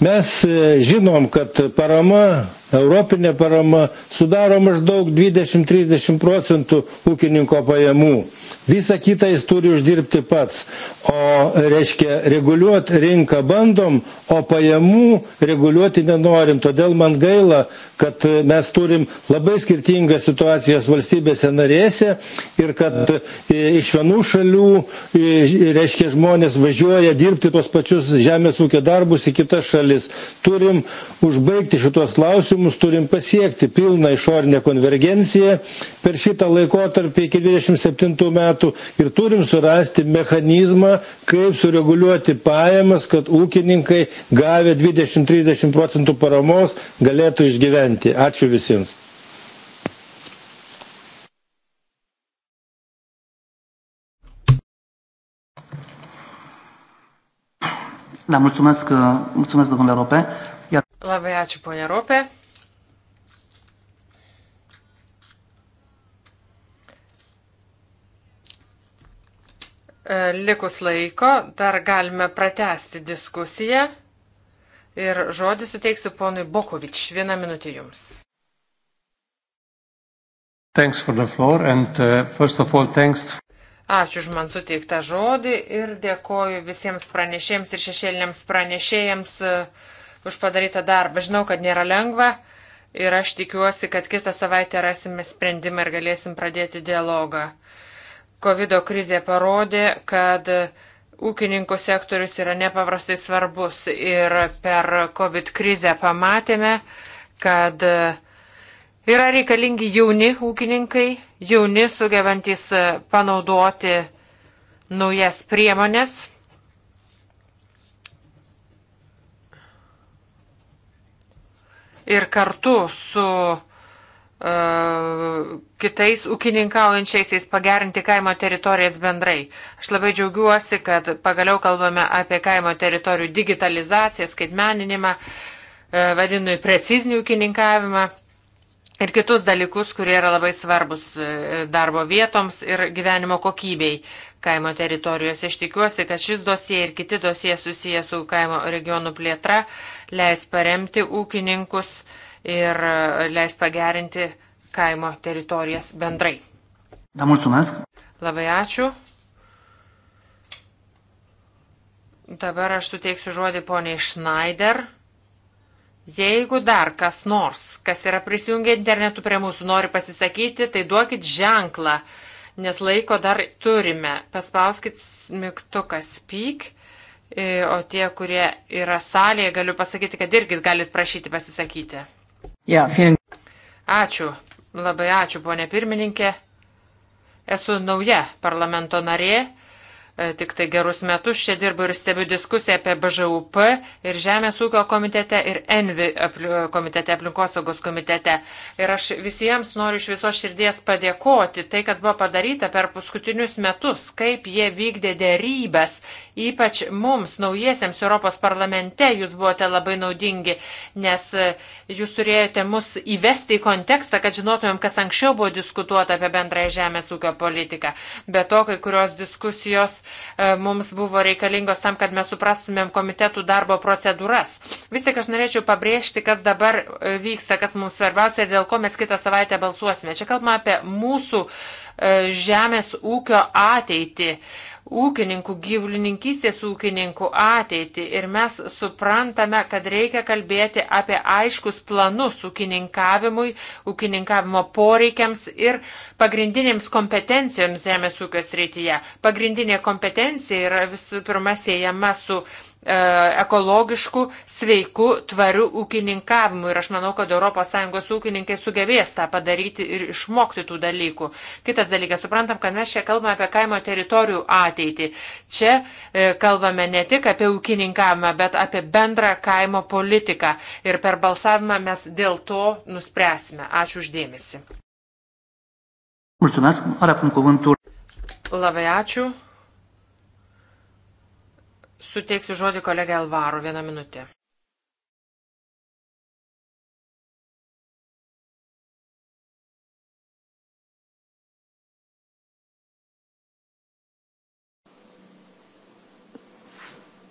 Mes e, žinom, kad parama europinė parama sudaro maždaug 20-30 procentų ūkininko pajamų. Visa kita jis turi uždirbti pats. O reiškia, reguliuoti rinką bandom, o pajamų reguliuoti nenorim. Todėl man gaila, kad mes turim labai skirtingas situacijas valstybėse narėse ir kad iš vienų šalių, reiškia, žmonės važiuoja dirbti tos pačius žemės ūkio darbus į kitas šalis. Turim užbaigti šitos klausimus mums turim pasiekti pilną išorinę konvergenciją per šitą laikotarpį iki 27 metų ir turim surasti mechanizmą, kaip sureguliuoti pajamas, kad ūkininkai gavę 20-30 procentų paramos galėtų išgyventi. Ačiū visiems. Da, mulțumesc, mulțumesc domnule Rope. Labai ačiū, ponia Ropė. E, likus laiko dar galime pratesti diskusiją ir žodį suteiksiu ponui Bokovič. Vieną minutę jums. And, uh, all, Ačiū už man suteiktą žodį ir dėkoju visiems pranešėjams ir šešėliniams pranešėjams uh, už padarytą darbą. Žinau, kad nėra lengva ir aš tikiuosi, kad kitą savaitę rasime sprendimą ir galėsim pradėti dialogą. Uh, COVID krizė parodė, kad ūkininkų sektorius yra nepaprastai svarbus ir per COVID krizę pamatėme, kad yra reikalingi jauni ūkininkai, jauni sugebantis panaudoti naujas priemonės. Ir kartu su uh, kitais ūkininkaujančiaisiais pagerinti kaimo teritorijas bendrai. Aš labai džiaugiuosi, kad pagaliau kalbame apie kaimo teritorijų digitalizaciją, skaitmeninimą, e, vadinu į precizinį ūkininkavimą ir kitus dalykus, kurie yra labai svarbus e, darbo vietoms ir gyvenimo kokybei kaimo teritorijose. Aš tikiuosi, kad šis dosie ir kiti dosie susiję su kaimo regionų plėtra leis paremti ūkininkus ir e, leis pagerinti kaimo teritorijas bendrai. Da, mulțumesc. Labai ačiū. Dabar aš suteiksiu žodį poniai Schneider. Jeigu dar kas nors, kas yra prisijungę internetu prie mūsų, nori pasisakyti, tai duokit ženklą, nes laiko dar turime. Paspauskit mygtuką speak, e, o tie, kurie yra salėje, galiu pasakyti, kad irgi galit prašyti pasisakyti. Ja, vielen... Ačiū. Labai ačiū, ponė pirmininkė. Esu nauja parlamento narė E, tik tai gerus metus čia dirbu ir stebiu diskusiją apie BŽUP ir Žemės ūkio komitete ir ENVI komitete, aplinkosaugos komitete. Ir aš visiems noriu iš viso širdies padėkoti tai, kas buvo padaryta per paskutinius metus, kaip jie vykdė dėrybęs, ypač mums, naujiesiems Europos parlamente, jūs buvote labai naudingi, nes e, jūs turėjote mus įvesti į kontekstą, kad žinotumėm, kas anksčiau buvo diskutuota apie bendrąją Žemės ūkio politiką. Be to, kai kurios diskusijos E, mums buvo reikalingos tam, kad mes suprastumėm komitetų darbo procedūras. Vis tik aš norėčiau pabrėžti, kas dabar e, vyksta, kas mums svarbiausia ir dėl ko mes kitą savaitę balsuosime. Čia kalbame apie mūsų e, žemės ūkio ateitį ūkininkų, gyvulininkystės ūkininkų ateitį ir mes suprantame, kad reikia kalbėti apie aiškus planus ūkininkavimui, ūkininkavimo poreikiams ir pagrindinėms kompetencijoms žemės ūkio srityje. Pagrindinė kompetencija yra visų pirma siejama su E, ekologišku, sveiku, tvariu ūkininkavimu. Ir aš manau, kad ES ūkininkai sugebės tą padaryti ir išmokti tų dalykų. Kitas dalykas, suprantam, kad mes čia kalbame apie kaimo teritorijų ateitį. Čia e, kalbame ne tik apie ūkininkavimą, bet apie bendrą kaimo politiką. Ir per balsavimą mes dėl to nuspręsime. Ačiū uždėmesi. Mulțumesc, are acum cuvântul. Labai ačiū. Suteiksiu žodį kolegė Alvaro vieną minutę.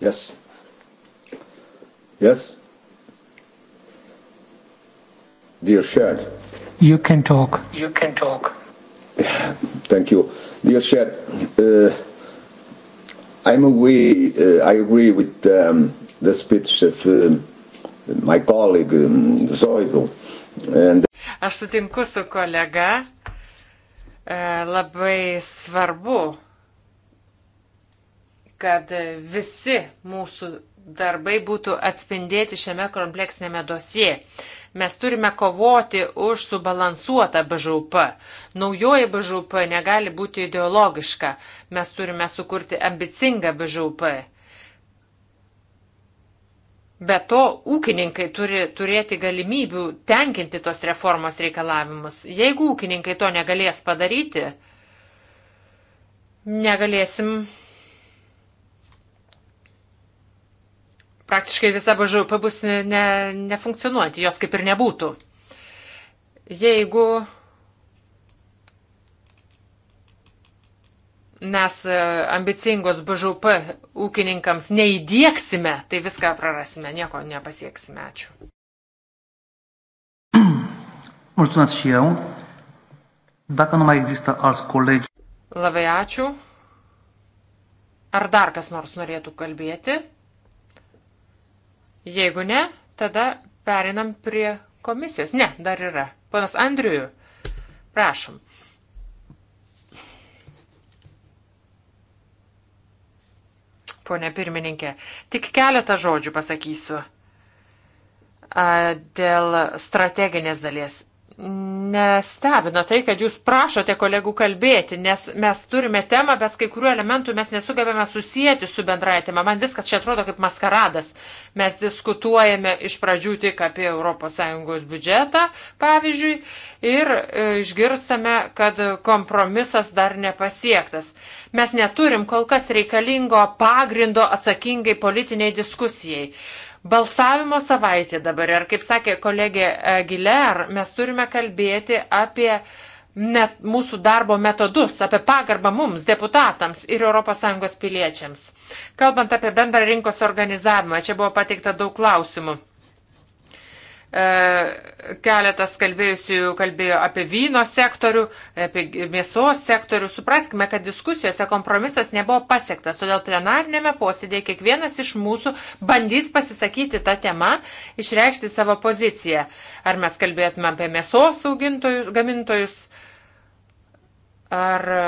Yes. Yes. Dear Shad. You can talk. You can talk. Thank you. Dear Shad, uh, I'm away, uh, I agree with um, the speech of uh, my colleague um, Zoidl. And... Aš sutinku su kolega, uh, labai svarbu, kad visi mūsų darbai būtų atspindėti šiame kompleksinėme dosijai. Mes turime kovoti už subalansuotą BŽUP. Naujoji BŽUP negali būti ideologiška. Mes turime sukurti ambicingą BŽUP. Be to, ūkininkai turi turėti galimybių tenkinti tos reformos reikalavimus. Jeigu ūkininkai to negalės padaryti, negalėsim praktiškai visa BŽP bus ne, nefunkcionuojanti, jos kaip ir nebūtų. Jeigu mes e, ambicingos BŽP ūkininkams neįdėksime, tai viską prarasime, nieko nepasieksime. Ačiū. Mulțumesc și eu. Dacă nu mai există alți colegi. Labai ačiū. Ar dar kas nors norėtų kalbėti? Jeigu ne, tada perinam prie komisijos. Ne, dar yra. Panas Andriuju, prašom. Pone pirmininkė, tik keletą žodžių pasakysiu dėl strateginės dalies nestebina tai, kad jūs prašote kolegų kalbėti, nes mes turime temą, bet kai kurių elementų mes nesugebėme susijęti su bendraja tema. Man viskas čia atrodo kaip maskaradas. Mes diskutuojame iš pradžių tik apie ES biudžetą, pavyzdžiui, ir e, išgirstame, kad kompromisas dar nepasiektas. Mes neturim kol kas reikalingo pagrindo atsakingai politiniai diskusijai. Balsavimo savaitė dabar ir, kaip sakė kolegė Giler, mes turime kalbėti apie net mūsų darbo metodus, apie pagarbą mums, deputatams ir ES piliečiams. Kalbant apie bendrą rinkos organizavimą, čia buvo pateikta daug klausimų. E, keletas kalbėjusių kalbėjo apie vyno sektorių, apie mėsos sektorių. Supraskime, kad diskusijose kompromisas nebuvo pasiektas, todėl plenarinėme posėdėje kiekvienas iš mūsų bandys pasisakyti tą temą, išreikšti savo poziciją. Ar mes kalbėtume apie mėsos augintojus, gamintojus, ar e,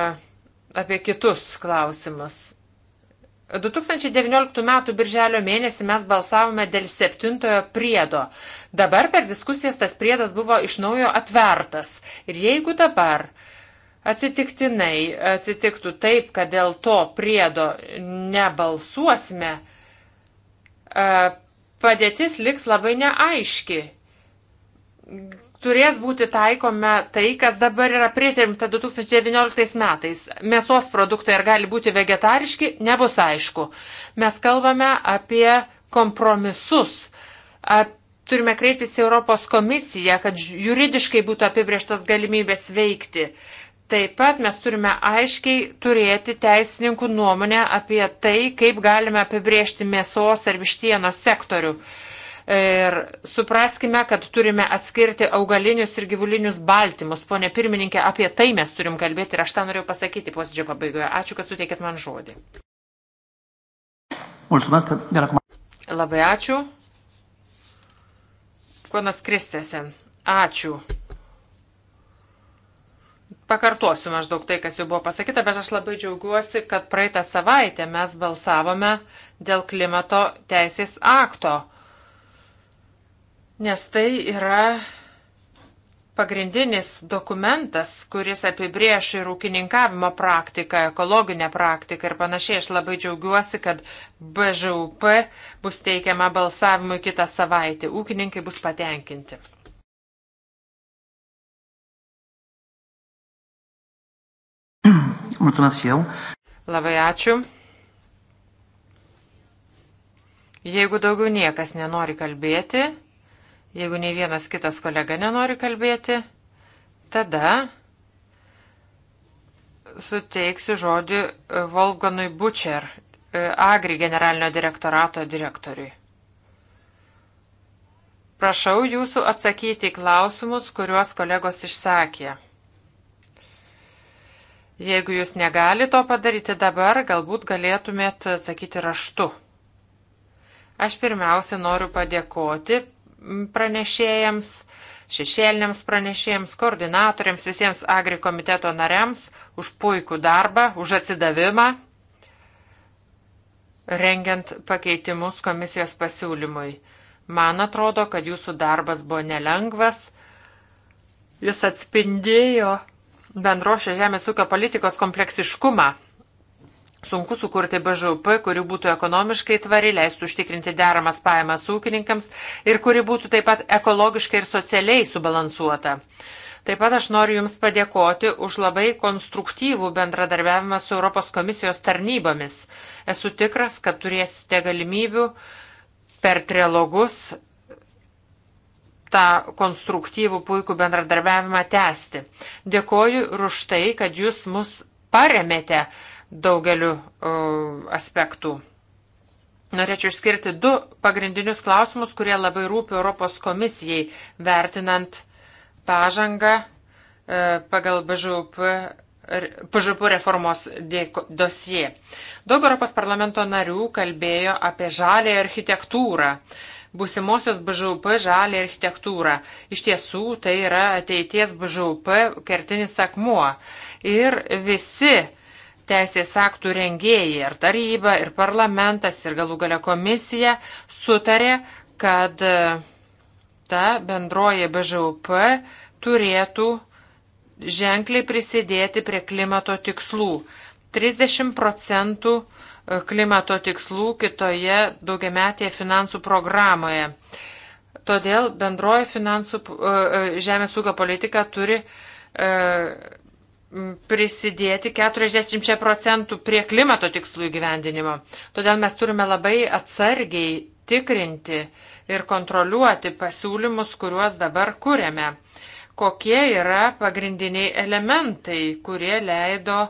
apie kitus klausimus. 2019 m. birželio mėnesį mes balsavome dėl septintojo priedo. Dabar per diskusijas tas priedas buvo iš naujo atvertas. Ir jeigu dabar atsitiktinai atsitiktų taip, kad dėl to priedo nebalsuosime, padėtis liks labai neaiški turės būti taikome tai, kas dabar yra pritimta 2019 metais. Mėsos produktai ar gali būti vegetariški, nebus aišku. Mes kalbame apie kompromisus. Apie Turime kreiptis į Europos komisiją, kad juridiškai būtų apibrieštos galimybės veikti. Taip pat mes turime aiškiai turėti teisininkų nuomonę apie tai, kaip galime apibriežti mėsos ar vištienos sektorių. Uh, Ir supraskime, kad turime atskirti augalinius ir gyvulinius baltymus. Pone pirmininkė, apie tai mes turim kalbėti ir aš tą norėjau pasakyti posėdžio pabaigoje. Ačiū, kad suteikėt man žodį. Labai ačiū. Konas Kristėse. Ačiū. Pakartosiu maždaug tai, kas jau buvo pasakyta, bet aš labai džiaugiuosi, kad praeitą savaitę mes balsavome dėl klimato teisės akto nes tai yra pagrindinis dokumentas, kuris apibrieš ir ūkininkavimo praktiką, ekologinę praktiką ir panašiai. Aš labai džiaugiuosi, kad BŽUP bus teikiama balsavimui kitą savaitę. Ūkininkai bus patenkinti. Mulțumesc și eu. Labai ačiū. Jeigu daugiau niekas nenori kalbėti, Jeigu nei vienas kitas kolega nenori kalbėti, tada suteiksiu žodį Volganui Bučer, e, Agri generalinio direktorato direktoriui. Prašau jūsų atsakyti į klausimus, kuriuos kolegos išsakė. Jeigu jūs negalite to padaryti dabar, galbūt galėtumėt atsakyti raštu. Aš pirmiausia noriu padėkoti pranešėjams, šešėliniams pranešėjams, koordinatoriams, visiems agri komiteto nariams už puikų darbą, už atsidavimą, rengiant pakeitimus komisijos pasiūlymui. Man atrodo, kad jūsų darbas buvo nelengvas, jis atspindėjo bendrošio žemės ūkio politikos kompleksiškumą Sunku sukurti BŽUP, kuri būtų ekonomiškai tvari, leistų užtikrinti deramas pajamas ūkininkams ir kuri būtų taip pat ekologiškai ir socialiai subalansuota. Taip pat aš noriu Jums padėkoti už labai konstruktyvų bendradarbiavimą su Europos komisijos tarnybomis. Esu tikras, kad turėsite galimybių per trilogus tą konstruktyvų puikų bendradarbiavimą tęsti. Dėkoju ir už tai, kad Jūs mus paremėte daugeliu aspektų. Norėčiau išskirti du pagrindinius klausimus, kurie labai rūpi Europos komisijai, vertinant pažangą e, pagal BŽUP, BŽUP reformos dosie. Daug Europos parlamento narių kalbėjo apie žalę architektūrą būsimosios BŽUP žalį architektūrą. Iš tiesų, tai yra ateities BŽUP kertinis akmuo. Ir visi uh, teisės aktų rengėjai ir taryba, ir parlamentas, ir galų gale komisija sutarė, kad e, ta bendroji BŽUP turėtų ženkliai prisidėti prie klimato tikslų. 30 procentų e, klimato tikslų kitoje daugiametėje finansų programoje. Todėl bendroji finansų e, žemės ūkio politika turi prisidėti 40 procentų prie klimato tikslų įgyvendinimo. Todėl mes turime labai atsargiai tikrinti ir kontroliuoti pasiūlymus, kuriuos dabar kūrėme. Kokie yra pagrindiniai elementai, kurie leido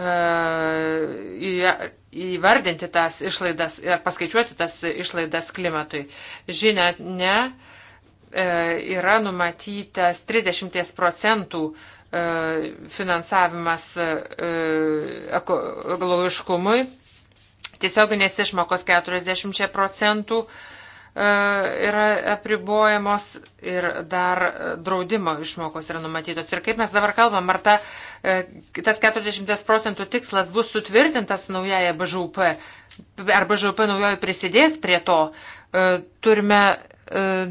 uh, įvardinti tas išlaidas ir paskaičiuoti tas išlaidas klimatui. Žinia, ne, e, yra numatytas 30 procentų uh, E, finansavimas e, e, ekologiškumui, tiesioginės išmokos 40 procentų yra apribojamos ir dar draudimo išmokos yra numatytos. Ir kaip mes dabar kalbam, ar ta, tas 40 procentų tikslas bus sutvirtintas naujaja BŽUP, ar BŽUP naujoji prisidės prie to, turime E,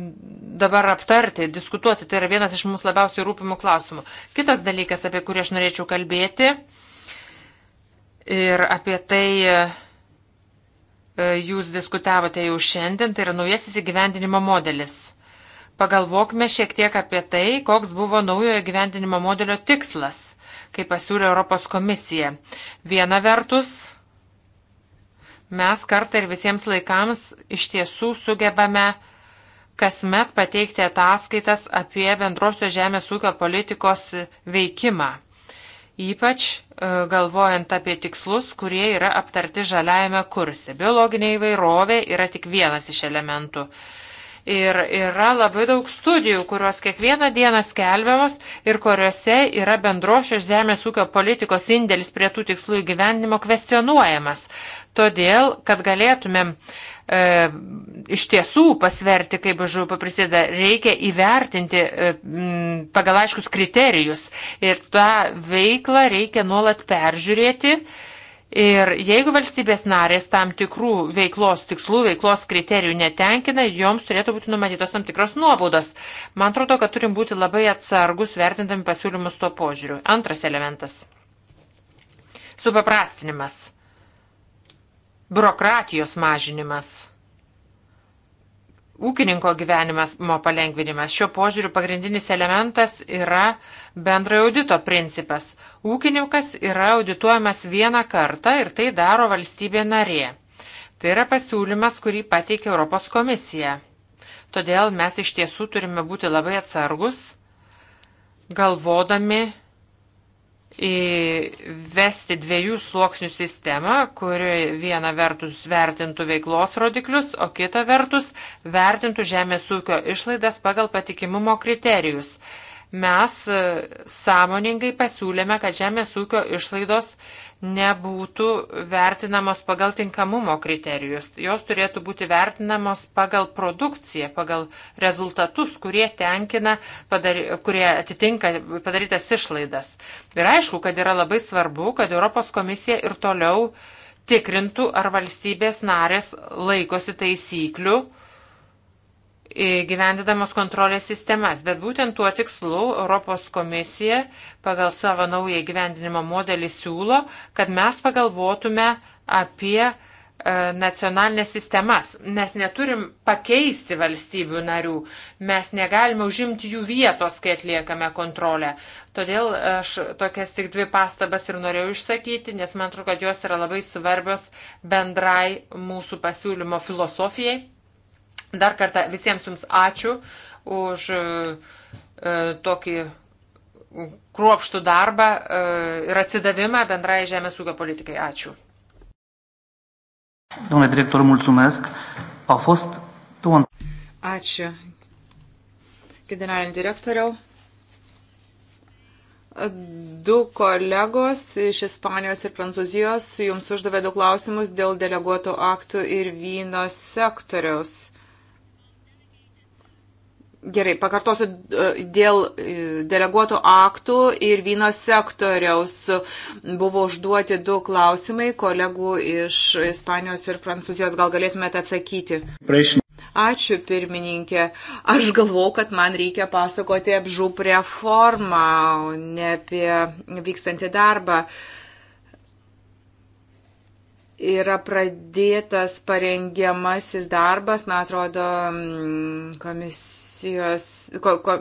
dabar aptarti, diskutuoti. Tai yra vienas iš mūsų labiausiai rūpimų klausimų. Kitas dalykas, apie kurį aš norėčiau kalbėti ir apie tai e, jūs diskutavote jau šiandien, tai yra naujasis įgyvendinimo modelis. Pagalvokime šiek tiek apie tai, koks buvo naujojo įgyvendinimo modelio tikslas, kai pasiūlė Europos komisija. Viena vertus, mes kartą ir visiems laikams iš tiesų sugebame uh, kasmet pateikti ataskaitas apie bendrosios žemės ūkio politikos veikimą. Ypač e, galvojant apie tikslus, kurie yra aptarti žaliajame kurse. Biologinė įvairovė yra tik vienas iš elementų. Ir yra labai daug studijų, kurios kiekvieną dieną skelbiamos ir kuriuose yra bendrošios žemės ūkio politikos indėlis prie tų tikslų įgyvendimo kvestionuojamas. Todėl, kad galėtumėm uh, e, iš tiesų pasverti, kaip žuvo prisideda, reikia įvertinti e, m, pagal aiškus kriterijus. Ir tą veiklą reikia nuolat peržiūrėti. Ir jeigu valstybės narės tam tikrų veiklos tikslų, veiklos kriterijų netenkina, joms turėtų būti numatytos tam tikros nuobaudos. Man atrodo, kad turim būti labai atsargus vertindami pasiūlymus tuo požiūriu. Antras elementas. Supaprastinimas biurokratijos mažinimas ūkininko gyvenimas mo palengvinimas. Šiuo požiūriu pagrindinis elementas yra bendrojo audito principas. Ūkininkas yra audituojamas vieną kartą ir tai daro valstybė narė. Tai yra pasiūlymas, kurį pateikė Europos komisija. Todėl mes iš tiesų turime būti labai atsargus, galvodami įvesti dviejų sluoksnių sistemą, kuri viena vertus vertintų veiklos rodiklius, o kita vertus vertintų žemės ūkio išlaidas pagal patikimumo kriterijus. Mes e, sąmoningai pasiūlėme, kad žemės ūkio išlaidos nebūtų vertinamos pagal tinkamumo kriterijus. Jos turėtų būti vertinamos pagal produkciją, pagal rezultatus, kurie tenkina, padary, kurie atitinka padarytas išlaidas. Ir aišku, kad yra labai svarbu, kad Europos komisija ir toliau tikrintų, ar valstybės narės laikosi taisyklių, uh, gyvendinamos kontrolės sistemas. Bet būtent tuo tikslu Europos komisija pagal savo naują gyvendinimo modelį siūlo, kad mes pagalvotume apie e, nacionalinės sistemas. Mes neturim pakeisti valstybių narių, mes negalime užimti jų vietos, kai atliekame kontrolę. Todėl aš tokias tik dvi pastabas ir norėjau išsakyti, nes man atrodo, kad jos yra labai svarbios bendrai mūsų pasiūlymo filosofijai. Dar kartą visiems jums ačiū už e, e, tokį kruopštų darbą e, ir atsidavimą bendrai žemės ūkio politikai. Ačiū. Domnule director, mulțumesc. Au fost două... Ačiū. Generalinį direktoriau. Du kolegos iš Ispanijos ir Prancūzijos jums uždavė du klausimus dėl deleguotų aktų ir vyno sektoriaus. Gerai, pakartosiu e, dėl e, deleguotų aktų ir vyno sektoriaus. Buvo užduoti du klausimai kolegų iš Ispanijos ir Prancūzijos. Gal galėtumėte atsakyti? Prašym. Ačiū pirmininkė. Aš galvau, kad man reikia pasakoti apžūp reformą, ne apie vykstantį darbą yra pradėtas parengiamasis darbas, man atrodo, mm, komisija komisijos, ko, ko,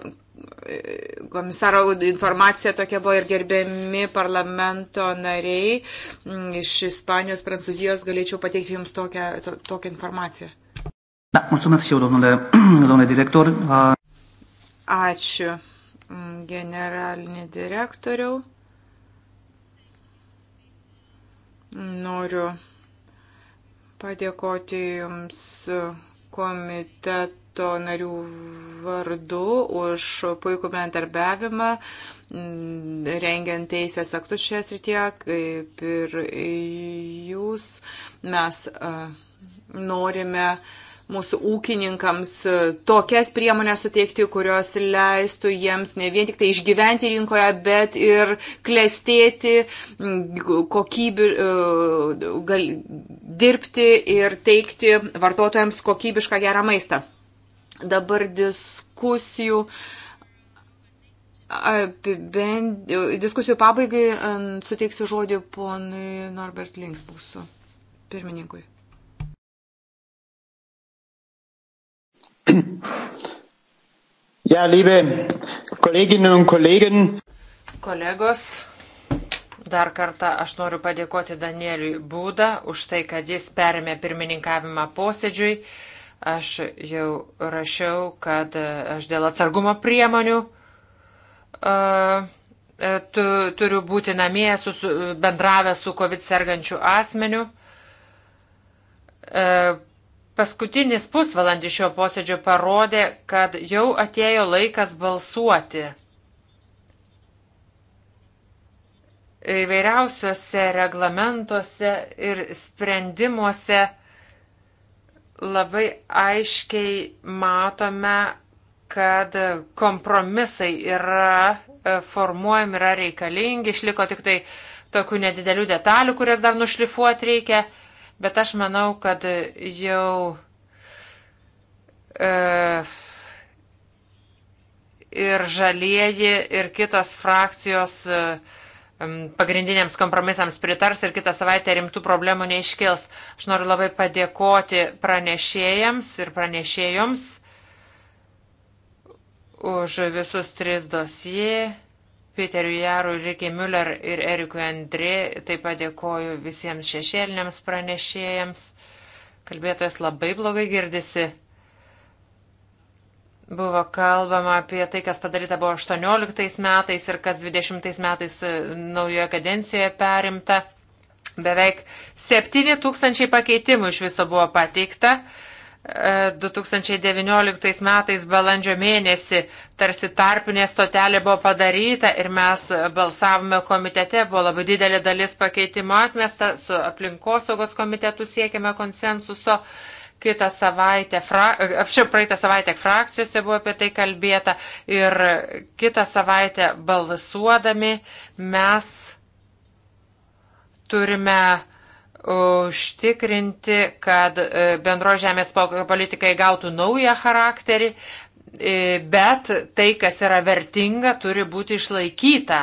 komisaro informacija tokia buvo ir gerbiami parlamento nariai iš Ispanijos, Prancūzijos, galėčiau pateikti jums tokią, to, tokią informaciją. Da, mulțumesc și eu, domnule, domnule director. Ačiū, generalinį direktoriau. Noriu padėkoti Jums komitetu komiteto narių vardu už puikų bendarbiavimą, mm, rengiant teisės aktus šioje srityje, kaip ir jūs. Mes norime mūsų ūkininkams tokias priemonės suteikti, kurios leistų jiems ne vien tik tai išgyventi rinkoje, bet ir klestėti, kokybi, gal, dirbti ir teikti vartotojams kokybišką gerą maistą dabar diskusijų apibend... diskusijų pabaigai suteiksiu žodį ponui Norbert Links mūsų pirmininkui. Ja, liebe Kolleginnen und Kollegen. Kolegos, dar kartą aš noriu padėkoti Danieliui Būdą už tai, kad jis perėmė pirmininkavimą posėdžiui. Uh, Aš jau rašiau, kad e, aš dėl atsargumo priemonių uh, tu, turiu būti namie su, su, bendravęs su COVID sergančiu asmeniu. Uh, Paskutinis pusvalandis šio posėdžio parodė, kad jau atėjo laikas balsuoti. Įvairiausiuose reglamentuose ir sprendimuose labai aiškiai matome, kad kompromisai yra e, formuojami, yra reikalingi, išliko tik tai tokių nedidelių detalių, kurias dar nušlifuoti reikia, bet aš manau, kad jau e, ir žalieji, ir kitos frakcijos e, pagrindiniams kompromisams pritars ir kitą savaitę rimtų problemų neiškils. Aš noriu labai padėkoti pranešėjams ir pranešėjoms už visus tris dosijai. Piteriu Jarui, Rikiai Müller ir Erikui Andrė. Taip pat dėkoju visiems šešėliniams pranešėjams. Kalbėtojas labai blogai girdisi. Buvo kalbama apie tai, kas padaryta buvo 18 metais ir kas 20 metais e, naujoje kadencijoje perimta. Beveik 7 tūkstančiai pakeitimų iš viso buvo pateikta. 2019 e, metais balandžio mėnesį tarsi tarpinė stotelė buvo padaryta ir mes balsavome komitete, buvo labai didelė dalis pakeitimo atmesta, su aplinkosaugos komitetu siekėme konsensuso. Uh, Kitą savaitę, apšiau praeitą savaitę frakcijose buvo apie tai kalbėta ir kitą savaitę balsuodami mes turime užtikrinti, kad e, bendro žemės politikai gautų naują charakterį, e, bet tai, kas yra vertinga, turi būti išlaikyta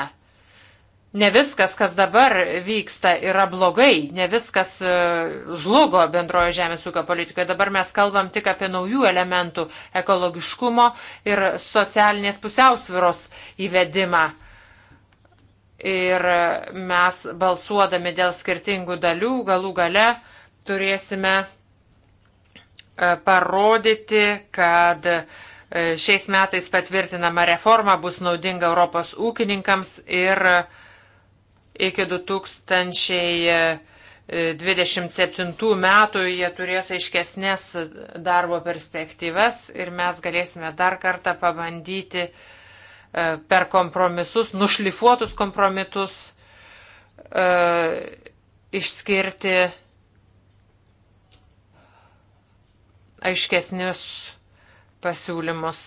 Ne viskas, kas dabar vyksta, yra blogai, ne viskas e, žlugo bendrojo žemės ūkio politikoje. Dabar mes kalbam tik apie naujų elementų ekologiškumo ir socialinės pusiausviros įvedimą. Ir mes balsuodami dėl skirtingų dalių galų gale turėsime e, parodyti, kad e, šiais metais patvirtinama reforma bus naudinga Europos ūkininkams ir uh, Iki 2027 e, metų jie turės aiškesnės darbo perspektyvas ir mes galėsime dar kartą pabandyti e, per kompromisus, nušlifuotus kompromitus e, išskirti aiškesnius pasiūlymus.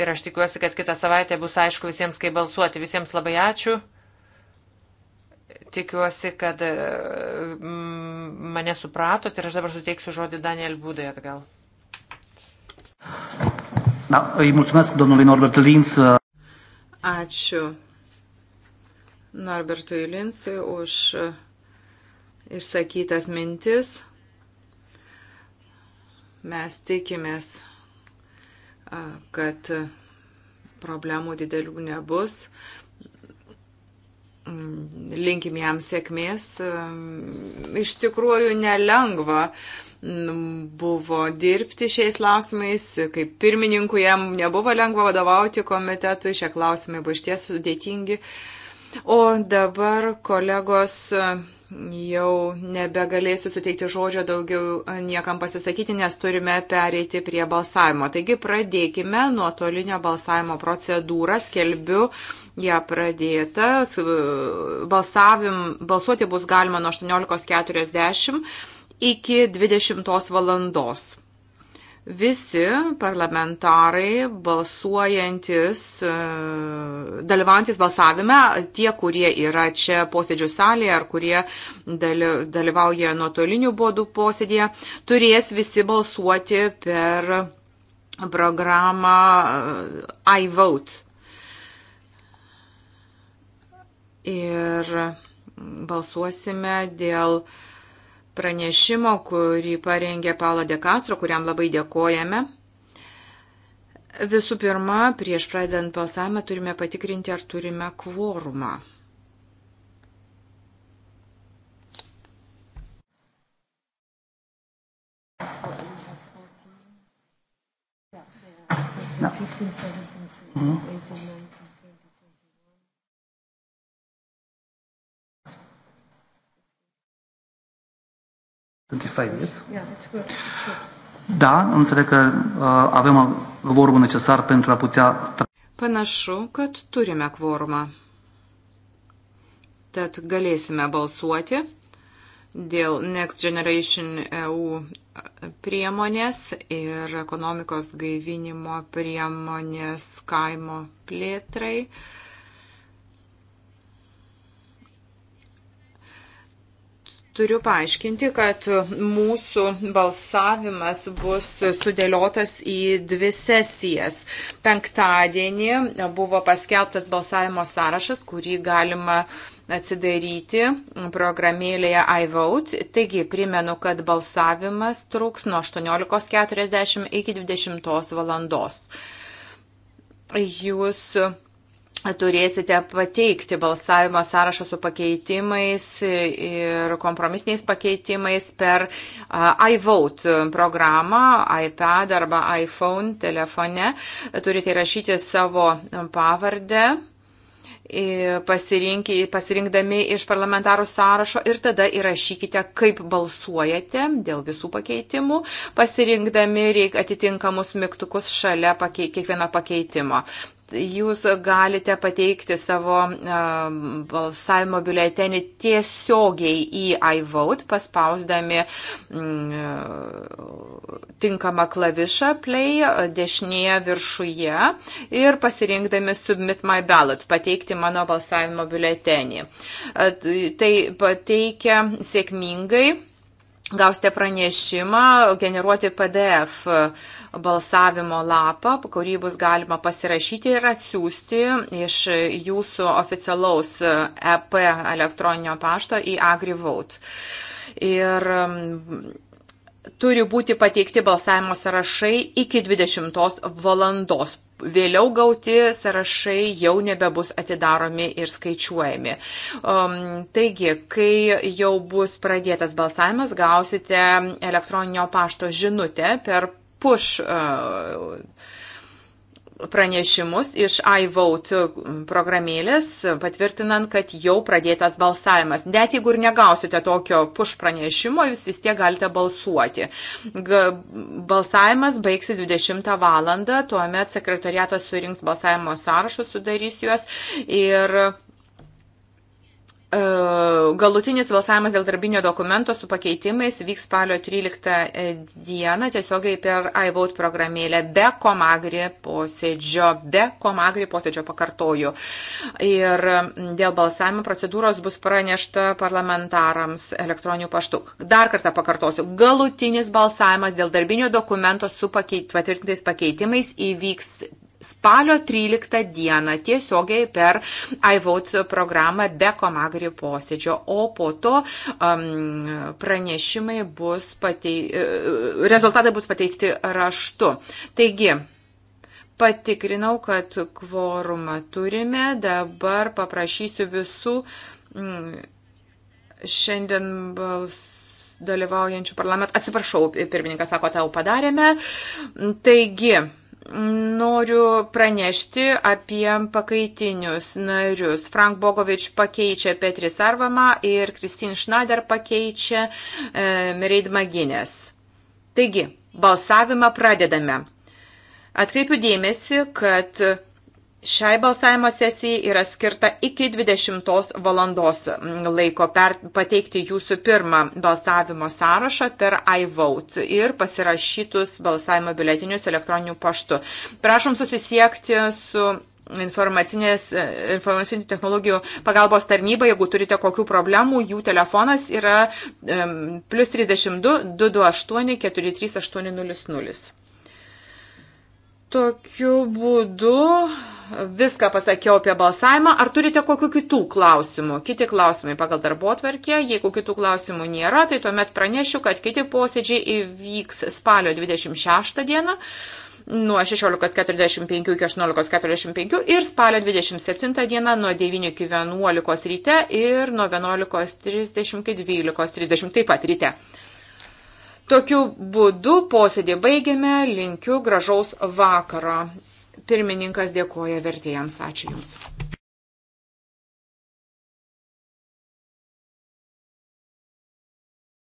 Ir aš tikiuosi, kad kitą savaitę bus aišku visiems, kaip balsuoti. Visiems labai ačiū. Tikiuosi, kad e, mane supratot ir aš dabar suteiksiu žodį Daniel Būdai atgal. Da, îi mulțumesc domnului Norbert Lins. Uh, Ačiū Norbertui Linsui už uh, išsakytas mintis. Mes tikimės, uh, kad problemų didelių nebus. Mm, linkim jam sėkmės. Mm, iš tikrųjų nelengva mm, buvo dirbti šiais klausimais, kaip pirmininku jam nebuvo lengva vadovauti komitetui, šie klausimai buvo išties sudėtingi. O dabar kolegos jau nebegalėsiu suteikti žodžio daugiau niekam pasisakyti, nes turime pereiti prie balsavimo. Taigi pradėkime nuo tolinio balsavimo procedūrą, skelbiu ją ja, pradėtą. Balsavim, balsuoti bus galima nuo 18.40 iki 20 valandos visi parlamentarai balsuojantis, e, dalyvaujantis balsavime, tie, kurie yra čia posėdžių salėje ar kurie dalyvauja nuotolinių bodų posėdėje, turės visi balsuoti per programą e, iVote. Ir balsuosime dėl uh, pranešimo, kurį parengė Paulo De Castro, kuriam labai dėkojame. Visų pirma, prieš pradedant balsavimą turime patikrinti, ar turime kvorumą. No. Mm -hmm. 25 years. Yeah, it's good. It's good. Da, înțeleg că uh, avem vorul necesar pentru a putea... Panašu, kad turime kvorumą. Tad galėsime balsuoti dėl Next Generation EU priemonės ir ekonomikos gaivinimo priemonės kaimo plėtrai. Uh, Turiu paaiškinti, kad mūsų balsavimas bus sudėliotas į dvi sesijas. Penktadienį buvo paskelbtas balsavimo sąrašas, kurį galima atsidaryti programėlėje iVote. Taigi primenu, kad balsavimas truks nuo 18.40 iki 20 valandos. Jūs turėsite pateikti balsavimo sąrašą su pakeitimais ir kompromisiniais pakeitimais per iVote programą, iPad arba iPhone telefone. Turite įrašyti savo pavardę pasirinkdami iš parlamentarų sąrašo ir tada įrašykite, kaip balsuojate dėl visų pakeitimų, pasirinkdami atitinkamus mygtukus šalia pakei, kiekvieno pakeitimo jūs galite pateikti savo balsavimo biuletenį tiesiogiai į iVote, paspausdami mm, tinkamą klavišą play dešinėje viršuje ir pasirinkdami submit my ballot, pateikti mano balsavimo biuletenį. Tai pateikia sėkmingai gausite pranešimą generuoti PDF balsavimo lapą, kurį bus galima pasirašyti ir atsiųsti iš jūsų oficialaus EP elektroninio pašto į AgriVote. Ir turi būti pateikti balsavimo sąrašai iki 20 valandos. Vėliau gauti sąrašai jau nebebus atidaromi ir skaičiuojami. Um, taigi, kai jau bus pradėtas balsavimas, gausite elektroninio pašto žinutę per push. Uh, pranešimus iš iVote programėlės, patvirtinant, kad jau pradėtas balsavimas. Net jeigu ir negausite tokio push pranešimo, jūs vis tiek galite balsuoti. Balsavimas baigsis 20 valandą, tuomet sekretariatas surinks balsavimo sąrašus, sudarys juos ir E, galutinis balsavimas dėl darbinio dokumento su pakeitimais vyks spalio 13 e, dieną tiesiogiai per iVote programėlę be komagri posėdžio, be komagri posėdžio pakartoju. Ir dėl balsavimo procedūros bus pranešta parlamentarams elektroniniu paštu. Dar kartą pakartosiu, galutinis balsavimas dėl darbinio dokumento su pakeit, patvirtintais pakeitimais įvyks spalio 13 dieną tiesiogiai per iVote programą be komagri posėdžio, o po to um, pranešimai bus patei, uh, rezultatai bus pateikti raštu. Taigi, patikrinau, kad kvorumą turime, dabar paprašysiu visų mm, šiandien balsų dalyvaujančių parlamentų. Atsiprašau, pirmininkas sako, tau padarėme. Taigi, Noriu pranešti apie pakaitinius narius. Frank Bogovič pakeičia Petri Sarvamą ir Kristin Schneider pakeičia e, Mereid Maginės. Taigi, balsavimą pradedame. Atkreipiu dėmesį, kad Šiai balsavimo sesijai yra skirta iki 20 valandos laiko per, pateikti jūsų pirmą balsavimo sąrašą per iVote ir pasirašytus balsavimo biuletinius elektroniniu paštu. Prašom susisiekti su informacinės, e, informacinių technologijų pagalbos tarnyba, jeigu turite kokių problemų, jų telefonas yra um, plus 32 228 43800. Tokiu būdu viską pasakiau apie balsavimą. Ar turite kokiu kitų klausimų? Kiti klausimai pagal darbo atvarkė. Jeigu kitų klausimų nėra, tai tuomet pranešiu, kad kiti posėdžiai įvyks spalio 26 dieną nuo 16.45 iki 18.45 ir spalio 27 dieną nuo 9 iki 11 ryte ir nuo 11.30 iki 12.30 taip pat ryte. Tokiu būdu posėdį baigiame, linkiu gražaus vakaro. Pirmininkas dėkoja vertėjams. Ačiū Jums.